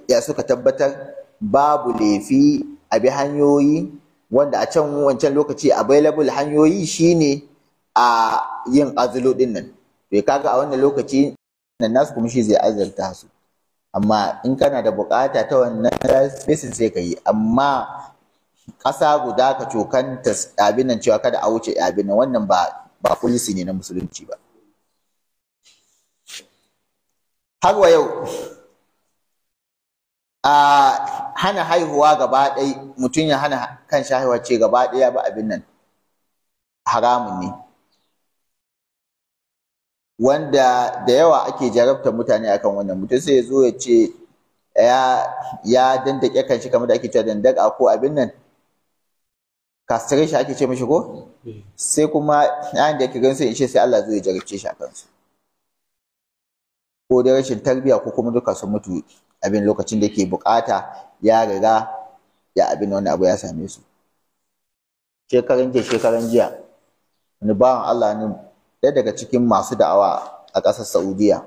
ya suka tabbatar babu laifi a bi hanyoyi wanda a can wancan lokaci available hanyoyi shine a yin azulo din nan to kaga a wannan lokaci nan nasu kuma shi zai azalta su amma in kana da bukata ta wannan spacing sai ka yi amma ƙasa guda ka cokanta ta abin nan cewa kada a wuce abin nan wannan ba ba ne na musulunci ba har wa yau a hana haihuwa gaba ɗai mutum ya hana kan haihuwa ce gaba ɗaya ba abin nan haramun ne wanda da yawa ake jarabtar mutane akan wannan mutum sai ya zo ya ce ya dandake kan shi kamar da ake cewa dandaka ko abin nan castration ake ce mishi ko eh. sai kuma yayin da yake gansu in ce sai Allah zai jarabce shi akan su ko da rashin tarbiyya ko kuma duka sun mutu abin lokacin da yake buƙata ya riga ya abin wani abu ya same su shekaran jiya shekaran jiya wani bawan Allah ne ɗaya daga cikin masu da'awa a ƙasar Saudiya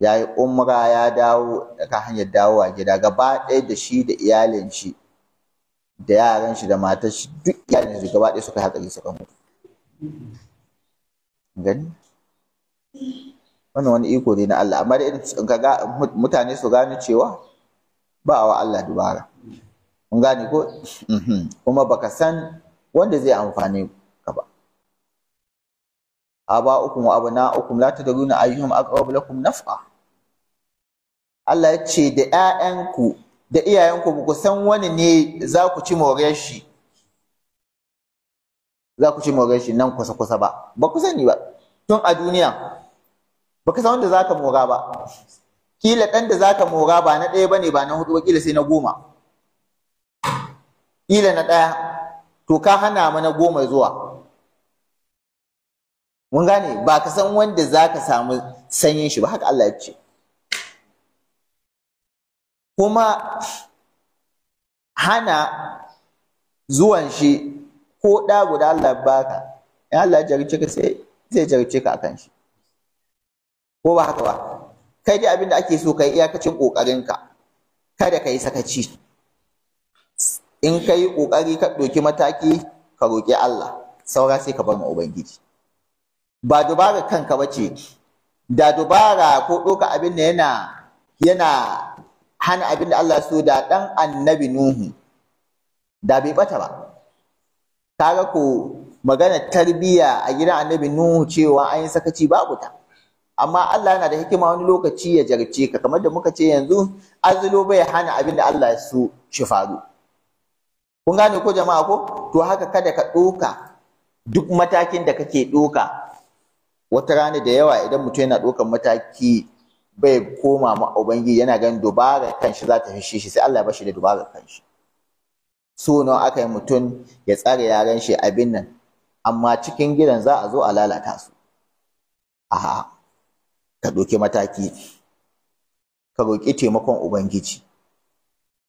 ya yi umra ya dawo daga hanyar dawowa gida gaba ɗaya da shi da iyalin shi da yaran shi da matar shi duk iyalin shi gaba ɗaya suka hatsari suka mutu gani wannan wani iko ne na Allah amma in ka ga mutane su gane cewa ba wa Allah dubara mun gane ko mhm. kuma baka san wanda zai amfane ka ba aba ukum wa abna ukum la tadruna ayyuhum aqrabu lakum naf'a Allah ya ce da ƴaƴanku da iyayenku ku san wani ne za ku ci moriyar shi za ku ci moriyar shi nan kusa kusa ba ba ku sani ba tun a duniya baka san wanda zaka mora ba kila dan da zaka mora ba na ɗaya bane ba na hudu ba kila sai na goma kila na ɗaya to ka hana ma na goma zuwa mun gane ba ka san wanda zaka samu sanyin shi ba haka Allah ya ce kuma hana zuwan shi ko ɗa guda Allah baka in Allah ya jarice ka sai zai jarce ka akan shi ko ba haka ba kai dai abin da ake so kai iyakacin kokarinka kada ka yi sakaci in ka yi kokari ka ɗoki mataki ka roƙi Allah saura sai ka bar ma ubangiji ba dubara kanka bace da dubara ko ɗauka abin da yana yana hana abin da Allah so da ɗan annabi Nuhu da bai bata ba kaga ko magana tarbiya a gidan annabi Nuhu cewa an yi sakaci babu ta amma Allah yana da hikima wani lokaci ya jarce ka kamar da muka ce yanzu azulo bai hana abin da Allah ya so shi faru kun gane ko jama'a ko to haka kada ka ɗoka duk matakin da kake ɗoka wata rana da yawa idan mutum yana ɗokan mataki bai koma ma ubangiji yana ganin dubara kanshi za ta fishe shi sai Allah ya bashi da dubarar kanshi so nawa aka yi mutum ya tsare yaran shi abin nan amma cikin gidan za a zo a lalata su a'a ka ɗauki mataki ka roƙi taimakon ubangiji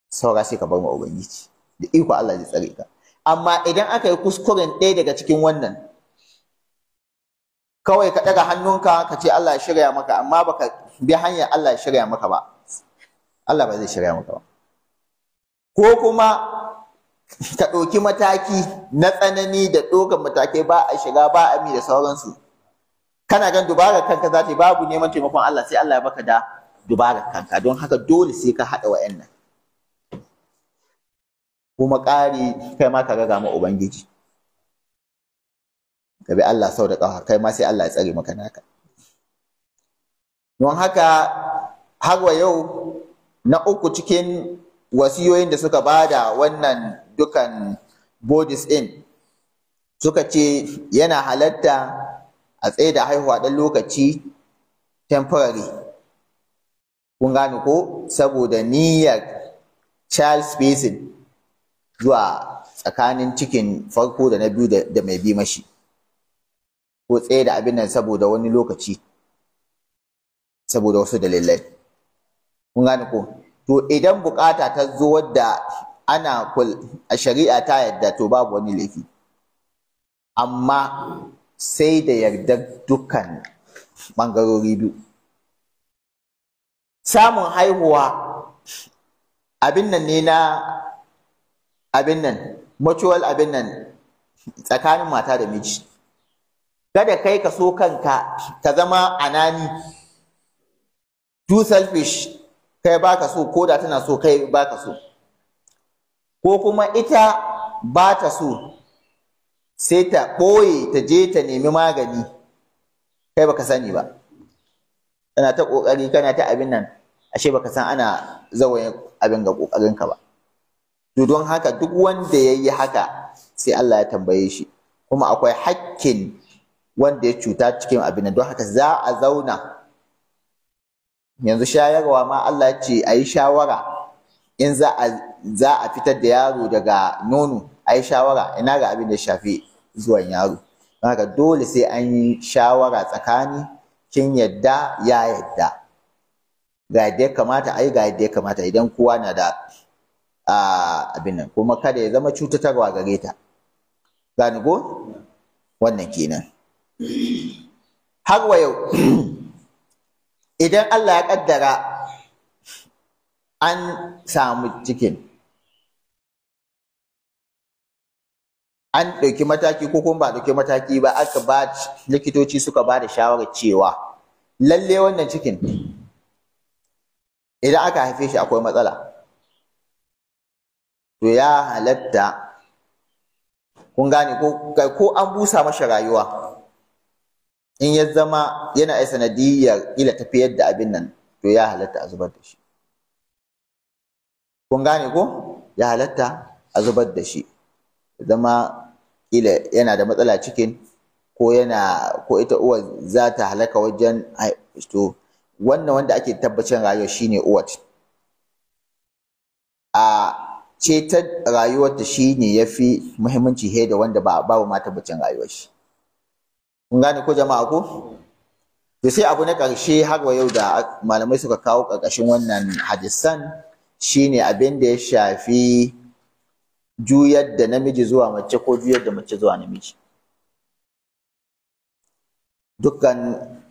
saura sai ka bar ma ubangiji da iko Allah zai tsare ka amma idan aka yi kuskuren ɗaya daga cikin wannan kawai ka ɗaga hannunka ka ce Allah ya shirya maka amma baka bi hanyar Allah ya shirya maka ba Allah ba zai shirya maka ba ko kuma ka ɗauki mataki na tsanani da ɗaukar matakai ba a shiga ba a mi da sauransu kana gan dubarar kanka za ta yi babu neman taimakon Allah sai Allah ya baka da dubarar kanka don haka dole sai ka haɗa wa ƴannan. kuma ƙari kai ma ka ga ma ubangiji ka bi Allah sau da ƙawa, kai ma sai Allah ya tsare maka naka don haka har wa yau na uku cikin wasiyoyin da suka bada wannan dukan bodies in suka ce yana halatta a tsaye da haihuwa ɗan lokaci temporary kun gane ko saboda niyyar child spacing zuwa tsakanin cikin farko da na biyu da mai bi mashi ko tsaye da abin nan saboda wani lokaci saboda wasu dalilai kun gane ko to idan bukata ta zo wadda ana a shari'a ta yadda to babu wani laifi amma sai da yardar dukkan ɓangarori biyu samun haihuwa abin nan ne na abin nan mutual abin nan tsakanin mata da miji kada kai ka so kanka ka zama anani too selfish kai baka so ko da tana so kai baka so ko kuma ita ba ta so sai ta ɓoye ta je ta nemi magani kai baka sani ba kana ta ƙoƙari kana ta abin nan ashe baka san ana zawayin abin ga ƙoƙarinka ba to don haka duk wanda ya yi haka sai Allah ya tambaye shi kuma akwai hakkin wanda ya cuta cikin abin nan don haka za a zauna yanzu shayarwa ma Allah ce a yi shawara in za a za a fitar da yaro daga nono a yi shawara ina ga abin da shafi zuwan yaro haka dole sai an yi shawara tsakani kin yadda ya yadda ga yadda ya kamata ai ga yadda ya kamata idan kowa na da abin nan kuma kada ya zama cutatarwa gare ta gani go wannan kenan har wa yau idan Allah ya kaddara an samu cikin an ɗauki mataki ko kuma ba ɗauki mataki ba aka ba likitoci suka ba da shawarar cewa lalle wannan cikin idan aka haife shi akwai matsala to ya halatta kun gane ko an busa masa rayuwa in ya zama yana a sanadiyar ila tafiyar da abin nan to ya halatta a zubar da shi kun gane ko ya halatta a zubar da shi zama kila yana da matsala cikin ko yana ko ita uwar za ta halaka wajen to wannan wanda ake tabbacin rayuwa shine uwat a ce rayuwar rayuwarta shine yafi muhimmanci he da wanda ba babu ma tabbacin rayuwar shi kun gane ko jama'a ko to sai abu na karshe har wa yau da malamai suka kawo karkashin wannan hadisan shine abin da ya shafi juyar da namiji zuwa mace ko juyar da mace zuwa namiji dukkan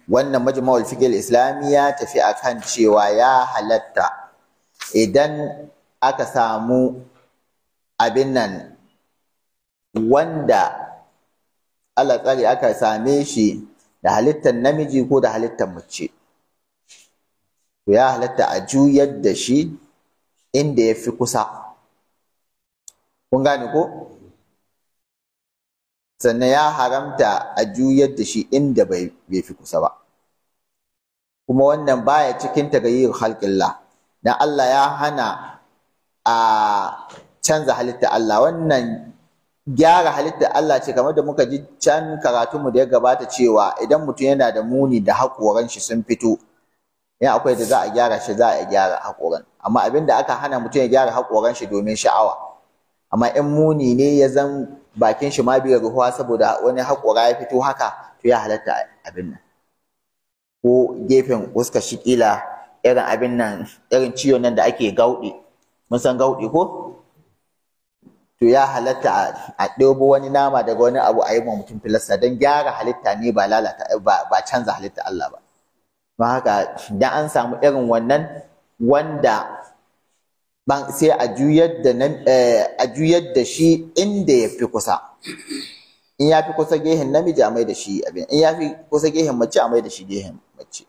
wannan majma'ul fiqh islami ya tafi akan cewa ya halatta idan aka samu abin nan wanda Allah aka same shi da halittar namiji ko da halittar mace ya halatta a juyar da shi inda ya fi kusa kun gane ko sannan ya haramta a juyar da shi inda bai fi kusa ba kuma wannan baya cikin ta tagayyir halƙilla na Allah ya hana a canza halitta Allah wannan gyara halitta Allah ce kamar da muka ji can mu da ya gabata cewa idan mutum yana da muni da haƙoran shi sun fito ya akwai da za a gyara shi za a gyara haƙoran amma abin aka hana mutum ya gyara haƙoran shi domin sha'awa amma in muni ne ya zan bakin shi ma bai ruhuwa saboda wani haƙora ya fito haka to ya halatta abin nan ko gefen fuskar shi kila irin abin nan irin ciwon nan da ake gauɗi mun san gauɗi ko to ya halatta a ɗebo wani nama daga wani abu a yi ma mutum filasta don gyara halitta ne ba lalata ba canza halitta Allah ba don haka dan an samu irin wannan wanda sai a juyar da eh, a juyar da shi inda ya fi kusa in ya fi kusa gehen namiji a mai da shi abin in ya fi kusa gehen mace a mai da shi gehen mace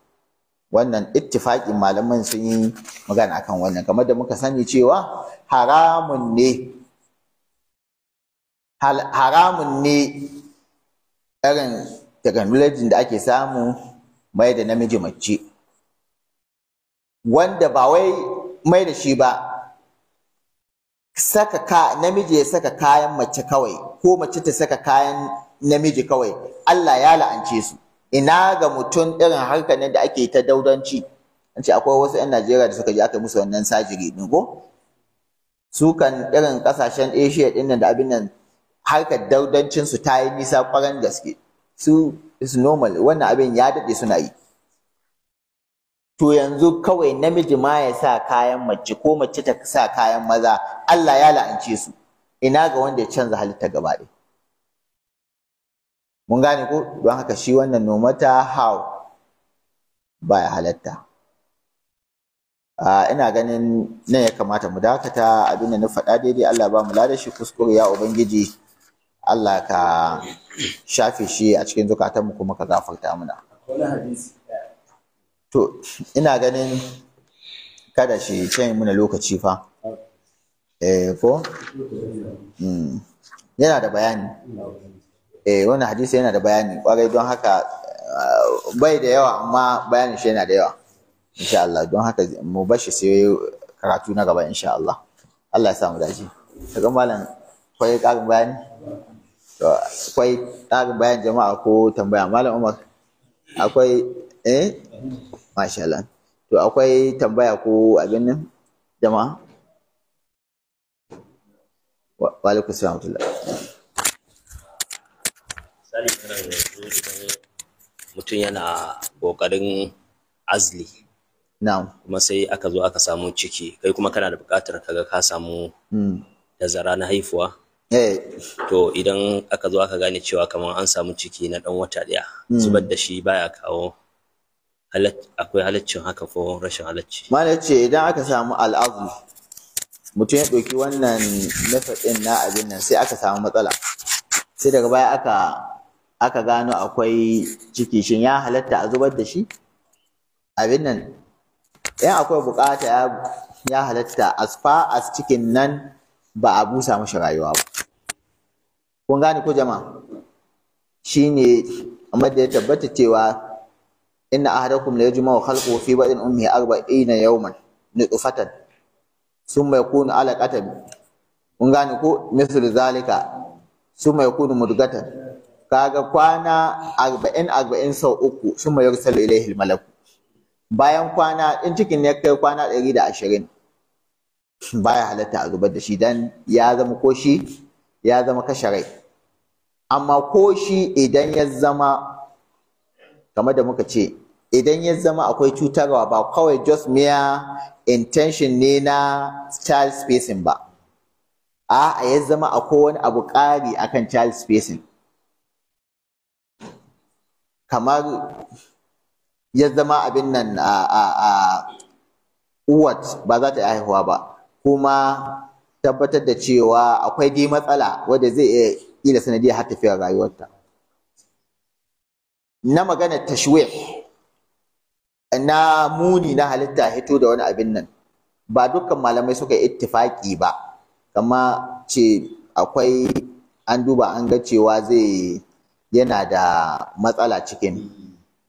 wannan ittifaƙin malaman sun yi magana akan wannan kamar da muka sani cewa haramun ne haramun ne irin technology da ake samu mai da namiji mace wanda ba wai mai da shi ba saka ka namiji ya saka kayan mace kawai ko mace ta saka kayan namiji kawai Allah ya la'ance su ina ga mutum irin harkar nan da ake ta daudanci an ce akwai wasu 'yan Najeriya da suka je aka musu wannan sajiri ne ko su kan irin kasashen Asia din nan da abin nan harkar daudancin su ta yi nisa kwaran gaske su is normal wannan abin ya dade suna yi to yanzu kawai namiji ma ya sa kayan mace ko mace ta sa kayan maza Allah ya la'ance su ina ga wanda ya canza halitta gaba ɗaya mun gane ko don haka shi wannan no matter how baya halatta Uh, ina ganin nan ya kamata mu dakata abinda na faɗa daidai Allah ba mu lada shi kuskure ya ubangiji Allah ka shafe shi a cikin zukatanmu kuma ka gafarta mana. To, ina ganin kada shi canye mana lokaci fa. Eh, ko? Hmm. Yana da bayani. Eh, wannan hadisi yana da bayani kwarai don haka eh, bai da yawa amma bayanin shi yana da yawa. Insha Allah, don haka mu bashi sai karatu na gaba insha Allah. Allah ya samu dace. ga malam kwai ƙarin bayani? Kwai ƙarin bayani jama'a ko tambaya. Malam Umar, akwai eh masha Allah to akwai tambaya ko abin nan jama'a wa alaikum salam
mutum yana kokarin azli na'am kuma sai aka zo aka samu ciki kai kuma kana da buƙatar ga ka samu Da hmm. zara na haifuwa eh. to idan aka zo aka gane cewa kamar an samu ciki na dan wata ɗaya hmm. zubar da shi baya kawo akwai halaccin haka ko rashin
halacci Mana ce idan aka samu al'azu mutum ya ɗauki wannan method na abin nan sai aka samu matsala sai daga baya aka aka gano akwai ciki shin ya halatta a zubar da shi abin nan in akwai bukata ya ya halatta as far as cikin nan ba a busa mashi rayuwa ba kun gane ko jama'a shine amma da ya tabbata cewa inna ahadakum la yajma'u khalquhu fi badin ummihi arba'ina yawman nutfatan thumma yakunu alaqatan mun gane ko misal zalika thumma yakunu mudgatan kaga kwana arba'in arba'in sau uku thumma yursalu ilayhi al-malak bayan kwana in cikin ne kai kwana ɗari da ashirin baya halatta a zubar da shi dan ya zama ko shi ya zama kashe rai amma ko shi idan ya zama kamar da muka ce idan ya zama akwai cutarwa ba kawai just mere intention ne na child spacing ba a'a ya zama akwai wani abu ƙari akan child spacing kamar ya zama abin nan a a a uwat ba za ta haihuwa ba kuma tabbatar da cewa akwai dai matsala wadda zai iya sanadiyar har tafiyar rayuwarta na maganar tashwih na muni na halitta hito da wani abin nan ba dukkan malamai suka yi ittifaki ba kama ce akwai an duba an ga cewa zai yana da matsala cikin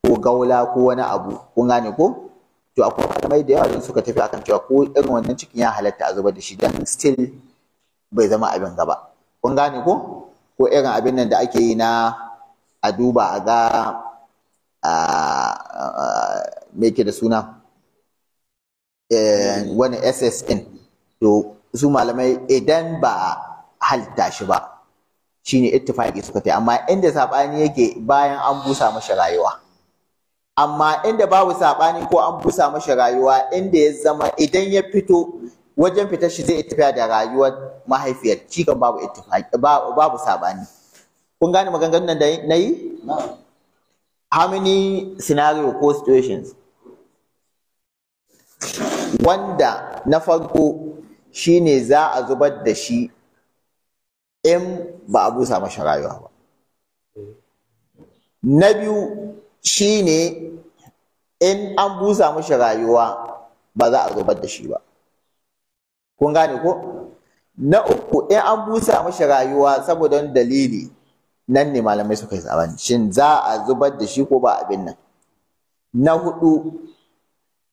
ko gaula ko wani abu kun gane ko to akwai malamai da yawa da suka tafi akan cewa ko irin wannan cikin ya halatta a zubar da shi dan still bai zama abin gaba kun gane ko ko irin abin nan da ake yi na a duba a ga me ke da suna eh, wani SSN to su malamai idan ba halitta shi ba shine ittifaqi suka ta amma inda saɓani yake bayan an busa mashi rayuwa amma inda babu saɓani ko an busa mashi rayuwa inda ya zama idan ya fito wajen fitar shi zai ittifa da rayuwar mahaifiyar cikin babu ittifaqi babu kun gane maganganun da na yi how many scenario ko situations wanda na farko shine za a zubar da shi in ba a busa mashi rayuwa ba na biyu shine in an busa mashi rayuwa ba za a zubar da shi ba kun gane ko na uku in an busa mashi rayuwa saboda dalili nan ne malamai suka yi sabani shin za a zubar da shi ko ba abin nan na hudu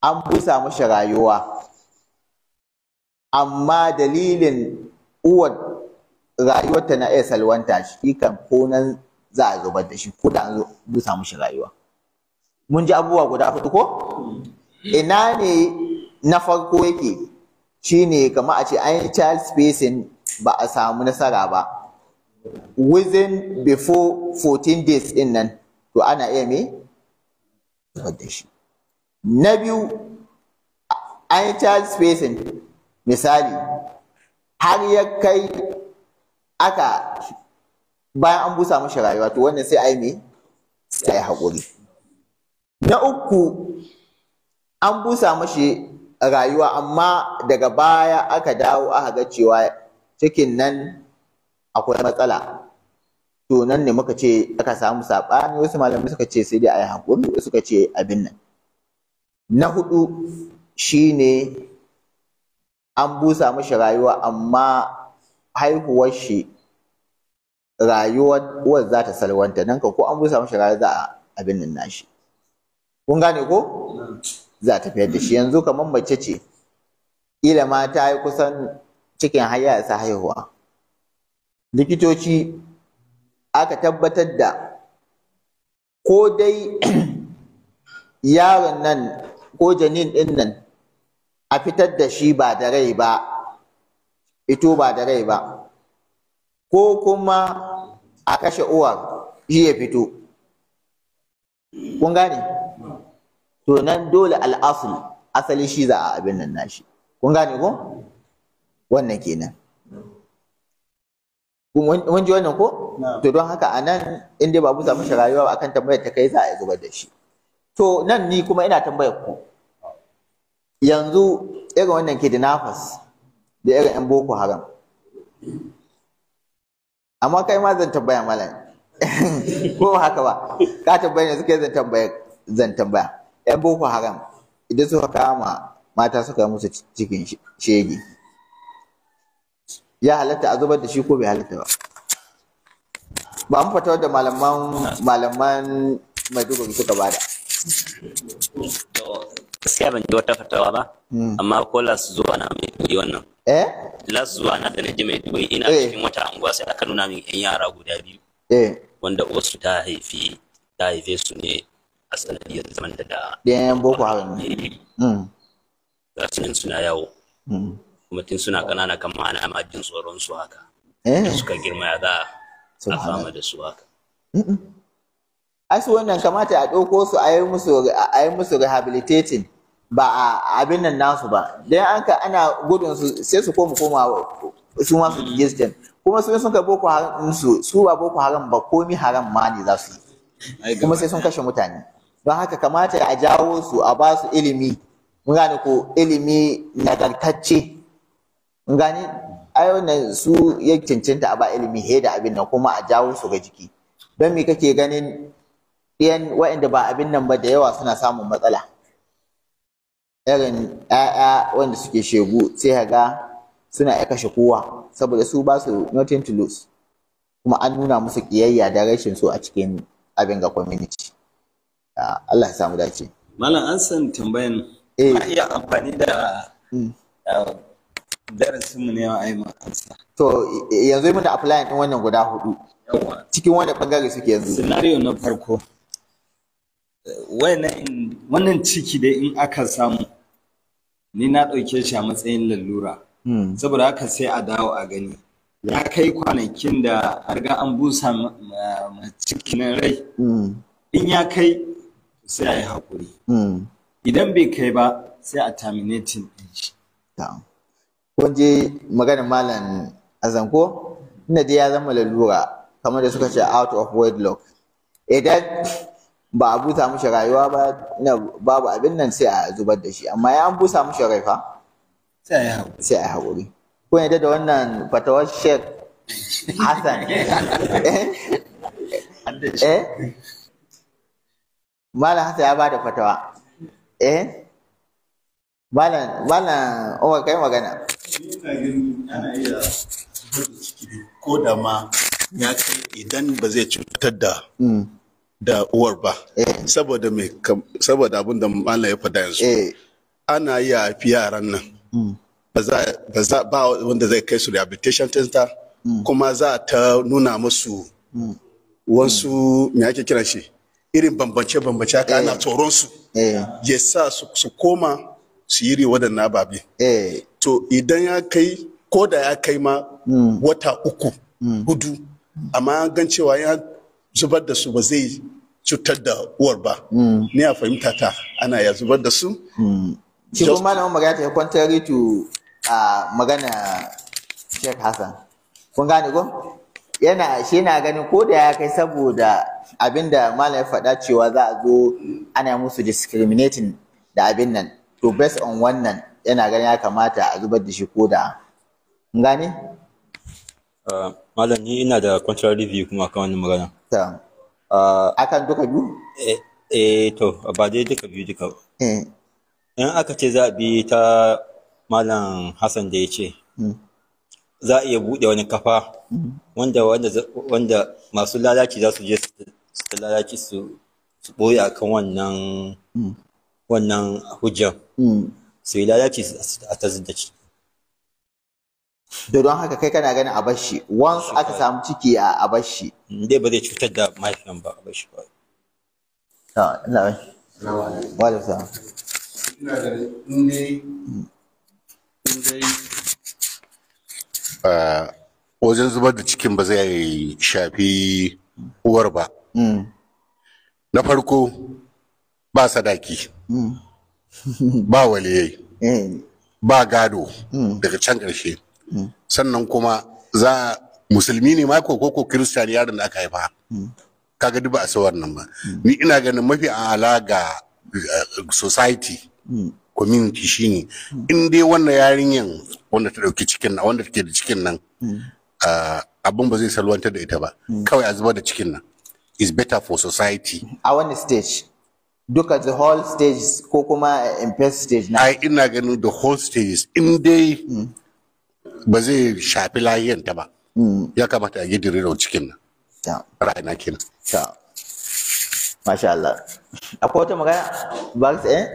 an busa mashi rayuwa amma dalilin uwar rayuwarta na iya salwanta shi kan ko nan za a zubar da shi ko da an busa mashi rayuwa mun ji abubuwa guda hudu ko ina ne na farko yake shine kamar a ce an yi child spacing ba a samu nasara ba within before 14 days in nan to ana iya me da shi na biyu an yi child spacing misali har ya kai aka bayan an busa mashi rayuwa to wannan sai a yi me sai haƙuri na uku an busa mashi rayuwa amma daga baya aka dawo aka ga cewa cikin nan akwai matsala to nan ne muka ce aka samu saɓani wasu malamai suka ce sai dai a yi wasu suka ce abin nan na hudu shine an busa mashi rayuwa amma haihuwar shi rayuwar uwar za ta salwanta nan ka ko an busa mishi rayuwa za a abin nan nashi kun gane ko za ta fiyar da shi yanzu kamar mace ce Ila ma ta yi kusan cikin haya sa haihuwa likitoci aka tabbatar da ko dai yaron nan ko janin ɗin nan a fitar da shi ba da rai ba ito ba da rai ba ko kuma a kashe uwar shi ya fito kun gane to nan dole al'asul asali shi za a abin nan nashi kun gane ko wannan kenan mun ji wannan ko to don haka a nan in dai ba busa mashi rayuwa ba akan tambayar ta kai za a zubar da shi to nan ni kuma ina tambayar ku yanzu irin wannan ke da irin yan boko haram amma kai ma zan tambaya malam ko haka ba ka tambaya kai zan tambaya zan tambaya yan boko haram idan suka kama mata suka yi musu cikin shege ya halatta a zubar da shi ko bai halatta ba ba mu fata da malaman malaman Maiduguri suka bada gaskiya ban ji wata fatawa ba hmm. amma ko las zuwa na mai duri wannan eh las zuwa na da naji mai duri ina eh. cikin wata anguwa sai aka nuna min yan yara guda biyu eh wanda wasu ta haifi ta
haife su ne a sanadiyar zaman da da
yan boko haram ne mm
suna yawo mm kuma tun suna kanana kama ana ma jin tsoron su haka eh. suka girma ya za a fama da su haka
asu wannan kamata a ɗauko su a yi musu a yi musu rehabilitating ba a abin nan nasu ba dan an ka ana gudun su sai su koma koma su ma su gisdan kuma sun sun ka boko haram su su ba boko haram ba komi haram ma ne za su yi kuma sai sun kashe mutane don haka kamata a jawo su a ba su ilimi mun gane ko ilimi nagartacce gani ai wannan su ya cancanta a ba ilimi he da abin nan kuma a jawo su ga jiki don me kake ganin ɗiyan waɗanda ba abin nan ba da yawa suna samun matsala irin ƴaƴa wanda suke shegu sai ka suna ya kashe kowa saboda su ba su nothing to lose kuma an nuna musu ƙiyayya da rashin so a cikin abin ga community Allah ya samu dace
malam an san tambayan ba eh. iya amfani da mm. um, darasin mu ne ma ai mun ansa to
yanzu da apply din wannan guda hudu cikin wanda bangare suke yanzu scenario na farko wannan ciki dai in aka samu ni na ɗauke shi a matsayin lalura hmm. saboda haka sai a dawo a gani ya kai kwanakin da riga an busa cikin rai hmm. in ya kai sai a yi haƙuri hmm. idan bai kai ba sai a terminating din shi kun je maganar malam azan ko inda dai ya zama lalura kamar da suka ce out of wedlock idan eh, ba a busa mushi rayuwa ba na babu abin nan sai a zubar da shi amma ya an busa mushi rai fa sai a yi haƙuri kun yadda da wannan fatawar shek hassan eh malam hassan ya ba da fatawa eh malam malam umar kai magana
da ko da ma ya kai idan ba zai cutar da mm. da uwar ba eh. saboda mai saboda abin da malam ya faɗa yanzu eh. ana iya fi yaran nan mm.
ba za ba wanda zai kai su rehabilitation center
mm. kuma za ta nuna musu wasu me ake kiran shi irin bambance-bambance haka ana eh. tsoron su ya sa su koma su yi riwadan babi eh to idan ya kai ko da ya kai ma mm. wata uku hmm. hudu amma gan cewa ya zubar da su ba zai cutar da uwar ba hmm. ni a fahimta ta ana ya zubar da su hmm. shi kuma malamin
magana ta contrary to a magana Sheikh Hassan kun gane ko yana shi na ganin ko da ya kai saboda abinda malam ya faɗa cewa za a zo ana musu discriminating da abin nan to based on wannan yana ganin ya kamata a zubar da shi ko da gane ah, malam ni ina da contrary review kuma akan wannan magana ta ah, akan duka biyu eh eh to ba dai duka biyu duka eh in aka ce za a bi ta malam Hassan da ya ce hmm. za a iya buɗe wani kafa hmm. wanda wanda masu lalaci za su je su lalaci su ɓoye akan wannan hmm. wannan hujjar. Hmm. so ya lalace a ta zinta ciki da haka kai kana ganin a bashi wansu aka samu ciki a a bashi hmm, dai ba zai cutar da mahaifiyan ba a bashi ba ta ina wa da sa
ina da hmm.
ah, wajen zubar da cikin ba zai shafi uwar ba na farko ba sadaki ba waliyai
mm. ba gado mm. daga can ƙarshe mm. sannan kuma za musulmi ne ma ko ko kirista yaron da aka haifa kaga duk ba a sawar nan ba ni ina ganin mafi ala ga eh, society community shine in dai wannan yarinyan wanda ta dauki cikin nan wanda take da cikin nan ah, abin ba zai salwantar da ita ba kawai a zubar da cikin nan is better for society
a wani stage duka the whole stages ko kuma first stage na ai ina ganin the whole stages in dai hmm. ba zai shafi ta ba hmm. ya kamata a gidi rero cikin nan rana kenan masha Allah akwai wata magana ba eh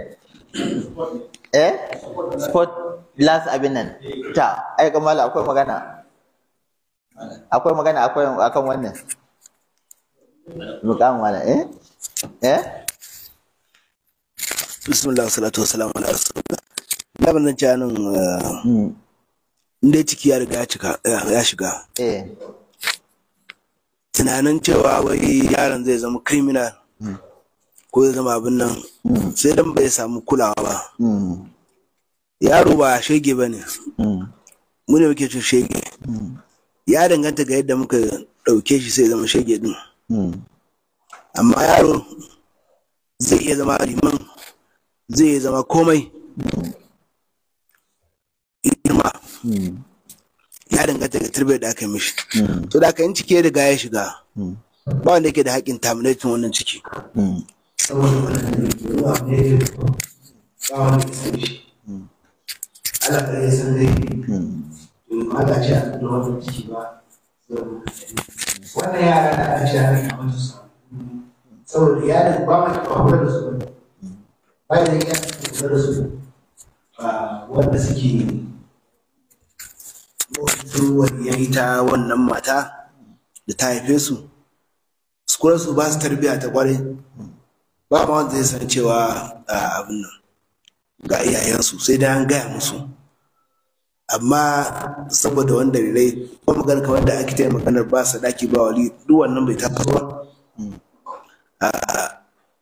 eh sport last abin nan ta ai kamala akwai magana akwai magana akwai akan wannan
mukan wala eh eh bismillah salatu wassalamu ala da eh, hmm. inda ciki ya riga ya cika eh, ya shiga eh. tunanin cewa wai yaron zai zama criminal hmm. ko zai zama abin nan hmm. sai dan bai samu kulawa ba yaro ba shege ba ne mu muke cin shege ya danganta ga yadda muka ɗauke shi sai zama shege din amma yaro zai iya zama liman zai zama komai girma hmm. ya danganta ga turbe da aka mishi hmm. to da aka yin cike da gaya shiga hmm. ba wanda yake da haƙin terminating wannan ciki wannan yara da a shi a saboda yaran ba mu taɓa da su bayan ya kusa su wanda suke ruwan ya yi ta wannan mata da ta haife su su ba su tarbiyya ta kwarai ba ma wanda zai san cewa abin nan ga iyayensu sai dai an gaya musu amma saboda wanda rai ba magana kamar da ake taya maganar ba su daki ba wali duk wannan bai taso ba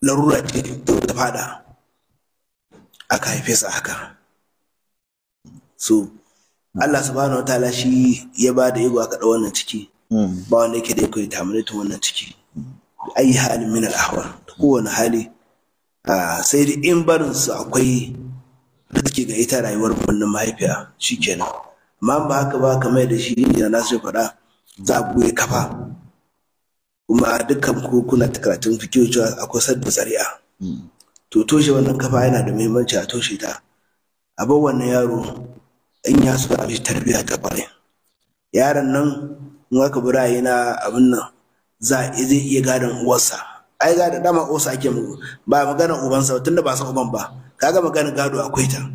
larura ce ta fada aka haife su haka so Allah subhanahu wataala shi ya ba da ego aka da wannan ciki hmm. ba wanda yake da ego ya tamanita wannan ciki ayi hali min al'ahwal kowane hali sai da in barin su akwai riski ga ita rayuwar wannan mahaifiya shikenan amma ba haka ba kamar da shi na nasu faɗa za a buɗe kafa kuma dukkan kuna karatun fikiyo cewa akwai sadda zari'a hmm. to toshe wannan kafa yana da muhimmanci a toshe ta a wannan yaro in ya so a mishi tarbiyya ta kwarai yaron nan in aka bi ra'ayi na abin nan za zai iya gadon uwarsa ai ga da dama uwarsa ake mu ba magana ubansa tunda ba san uban ba kaga magana gado akwai ta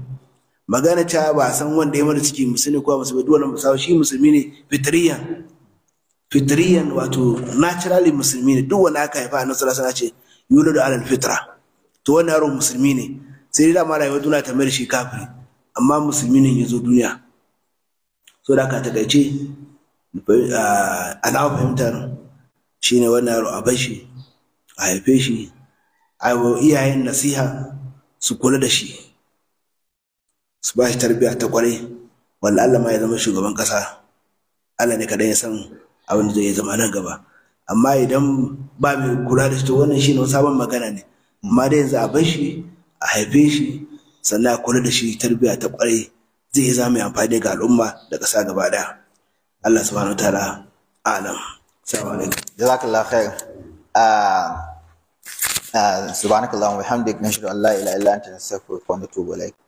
magana ta ba san wanda ya mana ciki musulmi ko musulmi duk wannan musawa shi musulmi ne fitriyan fitriyan wato naturally musulmi ne duk wanda aka haifa a nasara sana ce yuladu alal fitra to wani yaro musulmi ne sai dai dama rayuwar duniya ta mayar shi kafiri amma musulmi ne ya zo duniya so da ka takaice ana fahimtar shi ne wannan yaro a bashi a haife shi a iyayen nasiha su kula da shi su ba shi tarbiyya ta kwarai wanda Allah ma ya zama shugaban ƙasa? Allah ne kaɗai ya san abin da zai zama nan gaba amma idan ba mai kula da shi to wannan shi ne sabon magana ne amma dai yanzu a bar shi a haife shi sannan a kula da shi tarbiyya ta kwarai zai za mai amfani ga al'umma da ƙasa gaba ɗaya Allah subhanahu ta'ala alam assalamu alaikum
jazakallahu khair ah, ah, subhanakallahumma wa bihamdika nashhadu an la ilaha illa anta nastaghfiruka wa natubu ilaik